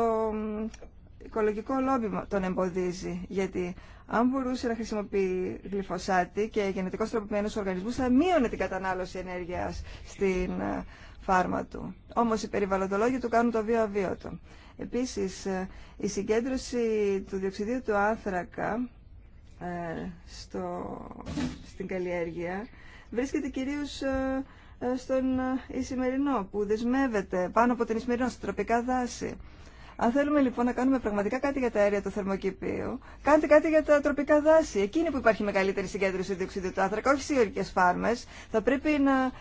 οικολογικό λόμπι τον εμποδίζει, γιατί αν μπορούσε να χρησιμοποιεί γλυφοσάτη και γενετικό τροποποιημένους οργανισμούς θα μείωνε την κατανάλωση ενέργειας στην ε, φάρμα του. Όμως οι περιβαλλοντολόγοι του κάνουν το βίο αβίωτο. Επίσης, ε, η συγκέντρωση του διοξιδίου του άνθρακα ε, στο, στην καλλιέργεια βρίσκεται κυρίως ε, ε, στον Ισημερινό που δεσμεύεται πάνω από την Ισημερινό, στα τροπικά δάση. Αν θέλουμε λοιπόν να κάνουμε πραγματικά κάτι για τα αέρια του θερμοκηπίου, κάντε κάτι για τα τροπικά δάση. Εκείνη που υπάρχει μεγαλύτερη συγκέντρωση διοξιδίου του άνθρακα, όχι στι γεωργικέ φάρμε. Θα πρέπει να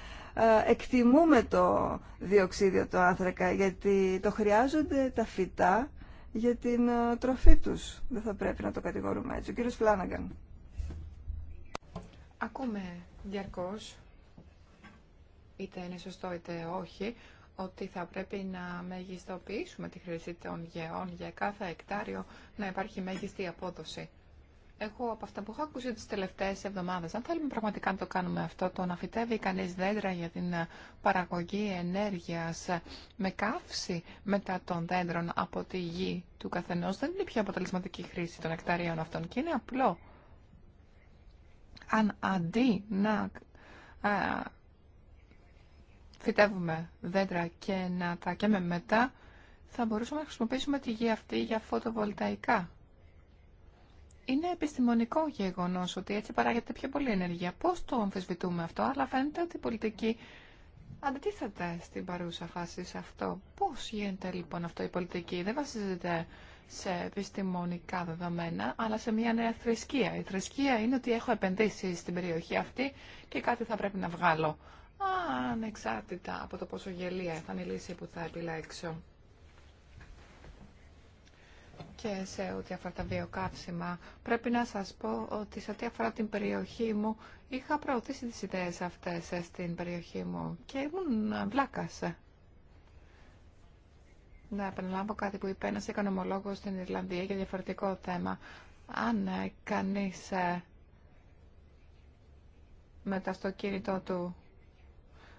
εκτιμούμε το διοξίδιο του άνθρακα, γιατί το χρειάζονται τα φυτά για την ε, τροφή τους. Δεν θα πρέπει να το κατηγορούμε έτσι. Ο κύριος Φλάναγκαν. Ακούμε διαρκώς, είτε είναι σωστό είτε όχι, ότι θα πρέπει να μεγιστοποιήσουμε τη χρήση των γεών για κάθε εκτάριο να υπάρχει μέγιστη απόδοση εγώ από αυτά που έχω ακούσει τις τελευταίες εβδομάδες, αν θέλουμε πραγματικά να το κάνουμε αυτό, το να φυτεύει κανείς δέντρα για την ε, παραγωγή ενέργειας ε, με καύση μετά των δέντρων από τη γη του καθενός, δεν είναι πιο αποτελεσματική χρήση των εκταρίων αυτών και είναι απλό. Αν αντί να ε, φυτεύουμε δέντρα και να τα καίμε μετά, θα μπορούσαμε να χρησιμοποιήσουμε τη γη αυτή για φωτοβολταϊκά είναι επιστημονικό γεγονό ότι έτσι παράγεται πιο πολλή ενέργεια. Πώ το αμφισβητούμε αυτό, αλλά φαίνεται ότι η πολιτική αντίθεται στην παρούσα φάση σε αυτό. Πώ γίνεται λοιπόν αυτό η πολιτική, δεν βασίζεται σε επιστημονικά δεδομένα, αλλά σε μια νέα θρησκεία. Η θρησκεία είναι ότι έχω επενδύσει στην περιοχή αυτή και κάτι θα πρέπει να βγάλω. Ανεξάρτητα από το πόσο γελία θα είναι η λύση που θα επιλέξω και σε ό,τι αφορά τα βιοκαύσιμα. Πρέπει να σας πω ότι σε ό,τι αφορά την περιοχή μου είχα προωθήσει τις ιδέες αυτές στην περιοχή μου και ήμουν βλάκας. Να επαναλάβω κάτι που είπε ένας οικονομολόγος στην Ιρλανδία για διαφορετικό θέμα. Αν ε, κανείς ε, με το αυτοκίνητο του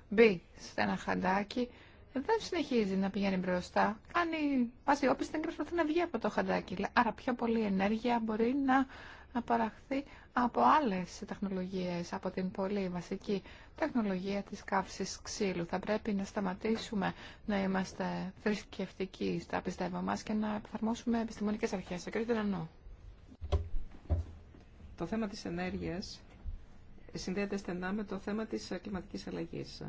μπει σε ένα χαντάκι, δεν συνεχίζει να πηγαίνει μπροστά. Κάνει βάση όπισθεν και προσπαθεί να βγει από το χαντάκι. Άρα πιο πολλή ενέργεια μπορεί να, παραχθεί από άλλες τεχνολογίες, από την πολύ βασική τεχνολογία της καύσης ξύλου. Θα πρέπει να σταματήσουμε να είμαστε θρησκευτικοί στα πιστεύω μας και να εφαρμόσουμε επιστημονικές αρχές. Σε Το θέμα της ενέργειας συνδέεται στενά με το θέμα της κλιματικής αλλαγής.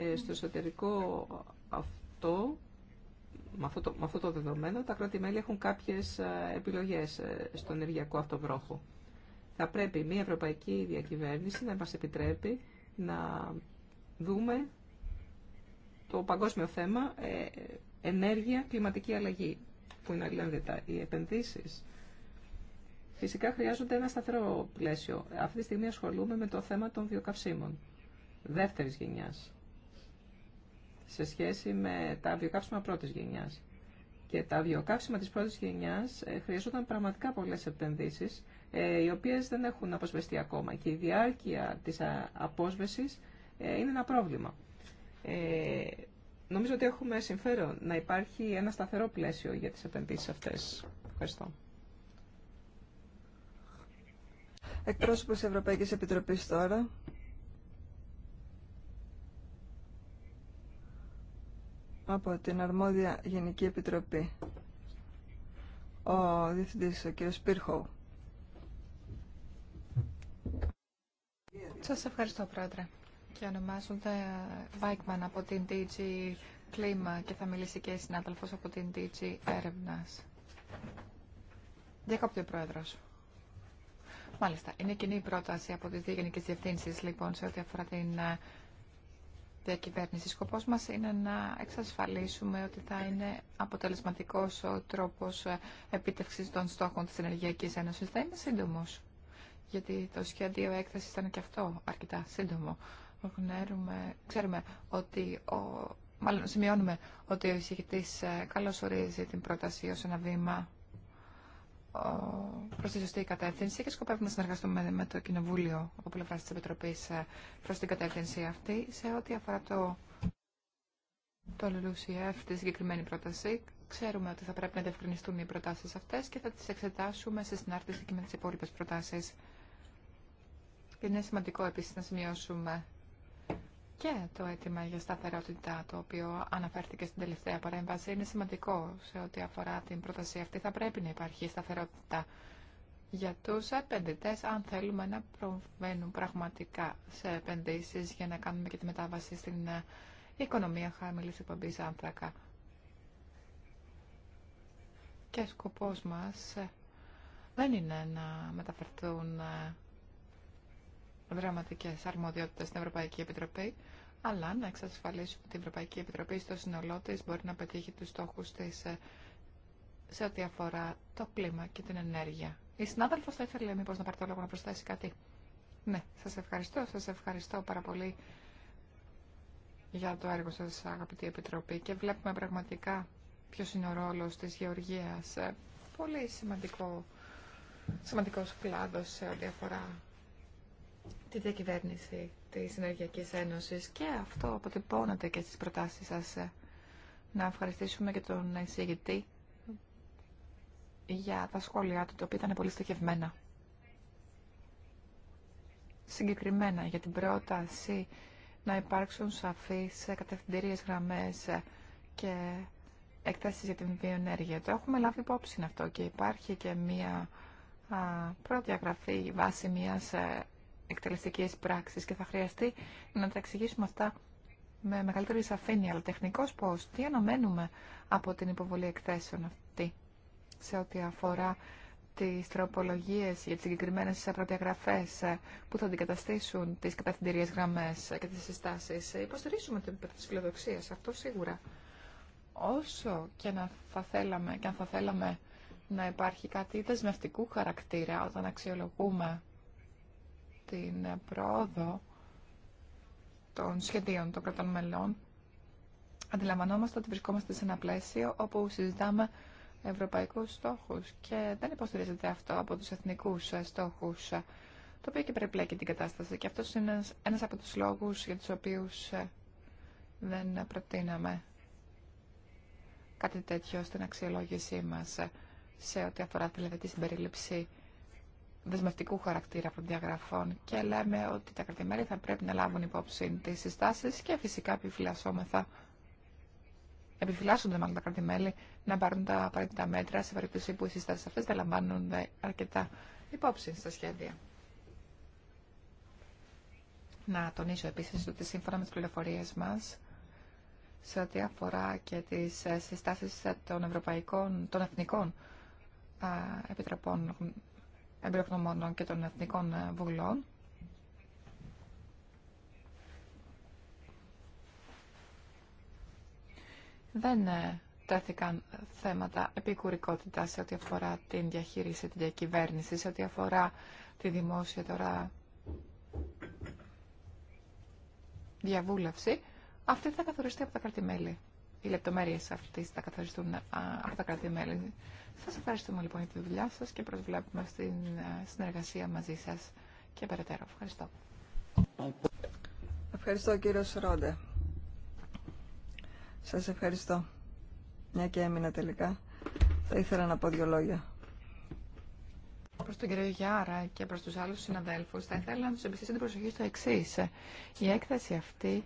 Ε, στο εσωτερικό αυτό, με αυτό το, δεδομένο, τα κράτη-μέλη έχουν κάποιες ε, επιλογές ε, στον ενεργειακό αυτό Θα πρέπει μια ευρωπαϊκή διακυβέρνηση να μας επιτρέπει να δούμε το παγκόσμιο θέμα ενέργεια, κλιματική αλλαγή, που είναι αλληλένδετα οι επενδύσεις. Φυσικά χρειάζονται ένα σταθερό πλαίσιο. Αυτή τη στιγμή ασχολούμαι με το θέμα των βιοκαυσίμων δεύτερης γενιάς σε σχέση με τα βιοκαύσιμα πρώτης γενιάς. Και τα βιοκαύσιμα της πρώτης γενιάς ε, χρειαζόταν πραγματικά πολλές επενδύσεις, ε, οι οποίες δεν έχουν αποσβεστεί ακόμα και η διάρκεια της ε, απόσβεσης είναι ένα πρόβλημα. Νομίζω ότι έχουμε συμφέρον να υπάρχει ένα σταθερό πλαίσιο για τις επενδύσεις αυτές. Ευχαριστώ. Εκπρόσωπος Ευρωπαϊκής Επιτροπής τώρα. από την Αρμόδια Γενική Επιτροπή. Ο Διευθυντής, ο κ. Σπίρχοου. Σας ευχαριστώ, Πρόεδρε. Και ονομάζονται Βάικμαν από την DG Κλίμα και θα μιλήσει και η συνάδελφος από την DG Έρευνας. Διακόπτει ο Πρόεδρος. Μάλιστα, είναι κοινή πρόταση από τις δύο γενικές διευθύνσεις, λοιπόν, σε ό,τι αφορά την ε, Σκοπό Σκοπός μας είναι να εξασφαλίσουμε ότι θα είναι αποτελεσματικός ο τρόπος επίτευξης των στόχων της Ενεργειακής Ένωση. Θα είναι σύντομο. γιατί το σχέδιο έκθεση ήταν και αυτό αρκετά σύντομο. Γνέρουμε, ξέρουμε ότι ο, μάλλον σημειώνουμε ότι ο εισηγητής ε, καλώς ορίζει την πρόταση ως ένα βήμα προ τη σωστή κατεύθυνση και σκοπεύουμε να συνεργαστούμε με το Κοινοβούλιο από πλευρά τη Επιτροπή ε, προ την κατεύθυνση αυτή σε ό,τι αφορά το, το LULUCF, τη συγκεκριμένη πρόταση. Ξέρουμε ότι θα πρέπει να διευκρινιστούν οι προτάσει αυτέ και θα τι εξετάσουμε σε συνάρτηση και με τι υπόλοιπε προτάσει. Και είναι σημαντικό επίση να σημειώσουμε και το αίτημα για σταθερότητα το οποίο αναφέρθηκε στην τελευταία παρέμβαση είναι σημαντικό σε ό,τι αφορά την πρόταση αυτή. Θα πρέπει να υπάρχει σταθερότητα για τους επενδυτές αν θέλουμε να προβαίνουν πραγματικά σε επενδύσεις για να κάνουμε και τη μετάβαση στην ε, οικονομία χαμηλής εκπομπής άνθρακα. Και σκοπός μας ε, δεν είναι να μεταφερθούν ε, Δραματικέ αρμοδιότητε στην Ευρωπαϊκή Επιτροπή, αλλά να εξασφαλίσουμε ότι η Ευρωπαϊκή Επιτροπή στο σύνολό τη μπορεί να πετύχει του στόχου τη ε, σε ό,τι αφορά το κλίμα και την ενέργεια. Η συνάδελφο θα ήθελε μήπως να πάρει το λόγο να προσθέσει κάτι. Ναι, σα ευχαριστώ, Σα ευχαριστώ πάρα πολύ για το έργο σα αγαπητή Επιτροπή και βλέπουμε πραγματικά ποιο είναι ο ρόλο τη Γεωργίας. Πολύ σημαντικό, σημαντικός κλάδος σε ό,τι αφορά τη διακυβέρνηση τη Ενεργειακή Ένωση και αυτό αποτυπώνεται και στι προτάσει σα Να ευχαριστήσουμε και τον εισηγητή για τα σχόλιά του, τα οποία ήταν πολύ στοχευμένα. Συγκεκριμένα για την πρόταση να υπάρξουν σαφείς κατευθυντήριες γραμμές και εκτάσεις για την βιοενέργεια. Το έχουμε λάβει υπόψη αυτό και υπάρχει και μία πρώτη αγραφή βάση μιας ε, Εκτελεστικέ πράξει και θα χρειαστεί να τα εξηγήσουμε αυτά με μεγαλύτερη σαφήνεια, αλλά τεχνικός πώ τι αναμένουμε από την υποβολή εκθέσεων αυτή σε ό,τι αφορά τι τροπολογίε για τις συγκεκριμένες προδιαγραφές που θα αντικαταστήσουν τι κατευθυντήριε γραμμέ και τι συστάσεις. Υποστηρίζουμε την τη φιλοδοξία, αυτό σίγουρα. Όσο και να θα θέλαμε, και αν θα θέλαμε να υπάρχει κάτι δεσμευτικού χαρακτήρα όταν αξιολογούμε στην πρόοδο των σχεδίων των κρατών μελών, αντιλαμβανόμαστε ότι βρισκόμαστε σε ένα πλαίσιο όπου συζητάμε ευρωπαϊκούς στόχους και δεν υποστηρίζεται αυτό από τους εθνικούς στόχους, το οποίο και περιπλέκει την κατάσταση. Και αυτός είναι ένας από τους λόγους για τους οποίους ε, δεν προτείναμε κάτι τέτοιο στην αξιολόγησή μας ε, σε ό,τι αφορά δηλαδή τη συμπερίληψη δεσμευτικού χαρακτήρα διαγραφών και λέμε ότι τα κρατημέρια θα πρέπει να λάβουν υπόψη τις συστάσεις και φυσικά επιφυλασσόμεθα επιφυλάσσονται μάλλον τα κρατημέλη να πάρουν τα απαραίτητα μέτρα σε περίπτωση που οι συστάσεις αυτές δεν λαμβάνουν αρκετά υπόψη στα σχέδια. Να τονίσω επίσης ότι σύμφωνα με τις πληροφορίες μας σε ό,τι αφορά και τις ε, συστάσεις των, ευρωπαϊκών, των εθνικών επιτροπών εμπειρογνωμόνων και των εθνικών ε, βουλών. Δεν ε, τέθηκαν θέματα επικουρικότητα σε ό,τι αφορά την διαχείριση, της διακυβέρνηση, σε ό,τι αφορά τη δημόσια τώρα διαβούλευση. Αυτή θα καθοριστεί από τα κρατημέλη οι λεπτομέρειες αυτή θα καθοριστούν από τα κράτη-μέλη. Σας ευχαριστούμε λοιπόν για τη δουλειά σας και προσβλέπουμε στην ε, συνεργασία μαζί σας και περαιτέρω. Ευχαριστώ. Ευχαριστώ κύριο Σρόντε. Σας ευχαριστώ. Μια και έμεινα τελικά. Θα ήθελα να πω δύο λόγια. Προς τον κύριο Γιάρα και προς τους άλλους συναδέλφους θα ήθελα να τους εμπιστήσω την προσοχή στο εξή. Η έκθεση αυτή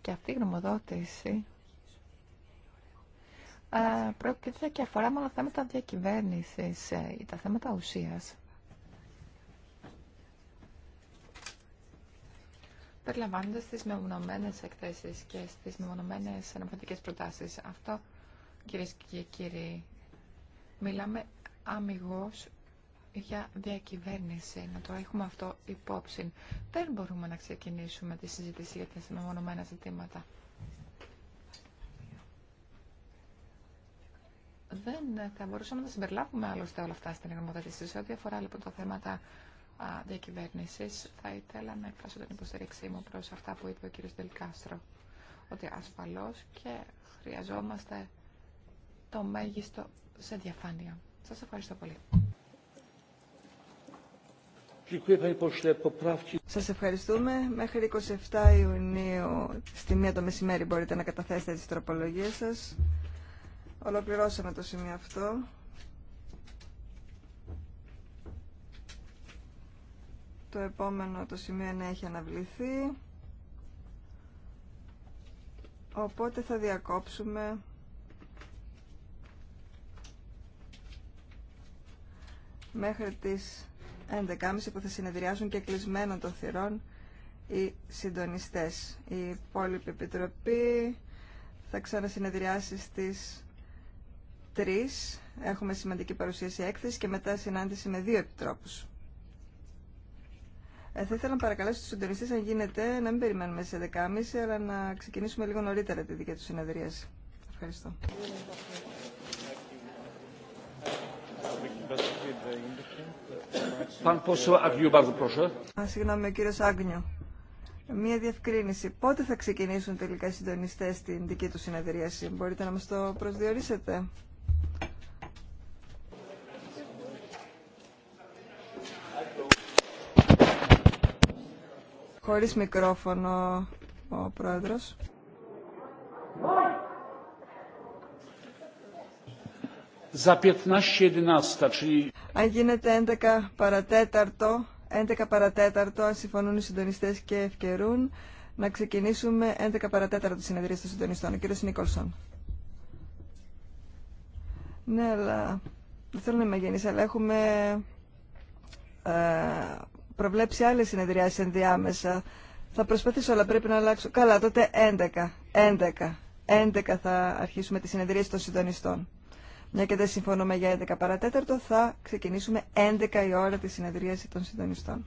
και αυτή η γνωμοδότηση πρόκειται και αφορά μόνο θέματα διακυβέρνησης ε, ή τα θέματα ουσίας. Περιλαμβάνονται με μεμονωμένες εκθέσεις και στις μεμονωμένες νομοθετικές προτάσεις. Αυτό, κυρίε και κύριοι, μιλάμε αμυγός για διακυβέρνηση, να το έχουμε αυτό υπόψη. Δεν μπορούμε να ξεκινήσουμε τη συζήτηση για τα μεμονωμένα ζητήματα. δεν θα μπορούσαμε να συμπεριλάβουμε άλλωστε όλα αυτά στην εγγραμματοδότηση. Σε ό,τι αφορά λοιπόν τα θέματα διακυβέρνηση, θα ήθελα να εκφράσω την υποστήριξή μου προ αυτά που είπε ο κ. Δελκάστρο. Ότι ασφαλώ και χρειαζόμαστε το μέγιστο σε διαφάνεια. Σα ευχαριστώ πολύ. Σα ευχαριστούμε. Μέχρι 27 Ιουνίου στη μία το μεσημέρι μπορείτε να καταθέσετε τι τροπολογίε σα. Ολοκληρώσαμε το σημείο αυτό. Το επόμενο το σημείο 9 έχει αναβληθεί. Οπότε θα διακόψουμε μέχρι τις 11.30 που θα συνεδριάσουν και κλεισμένο των θυρών οι συντονιστές. Η υπόλοιπη επιτροπή θα ξανασυνεδριάσει στις τρεις έχουμε σημαντική παρουσίαση έκθεση και μετά συνάντηση με δύο επιτρόπους. Ε, θα ήθελα να παρακαλέσω τους συντονιστές, αν γίνεται, να μην περιμένουμε σε δεκάμιση αλλά να ξεκινήσουμε λίγο νωρίτερα τη δική του συνεδρία. Ευχαριστώ. συγγνώμη, ο κύριος Άγνιο. Μία διευκρίνηση. Πότε θα ξεκινήσουν τελικά οι συντονιστές την δική του συνεδρίαση. Μπορείτε να μας το προσδιορίσετε. Χωρίς μικρόφωνο ο πρόεδρος. Αν γίνεται 11 παρατέταρτο, 11 παρατέταρτο, αν συμφωνούν οι συντονιστές και ευκαιρούν, να ξεκινήσουμε 11 παρατέταρτο συνεδρία των συντονιστών. Ο κύριος Νίκολσον. Ναι, αλλά δεν θέλω να είμαι γεννής, αλλά έχουμε ε, προβλέψει άλλε συνεδριάσεις ενδιάμεσα. Θα προσπαθήσω, αλλά πρέπει να αλλάξω. Καλά, τότε 11. 11. 11 θα αρχίσουμε τη συνεδρίαση των συντονιστών. Μια και δεν συμφωνούμε για 11 παρατέταρτο, θα ξεκινήσουμε 11 η ώρα τη συνεδρίαση των συντονιστών.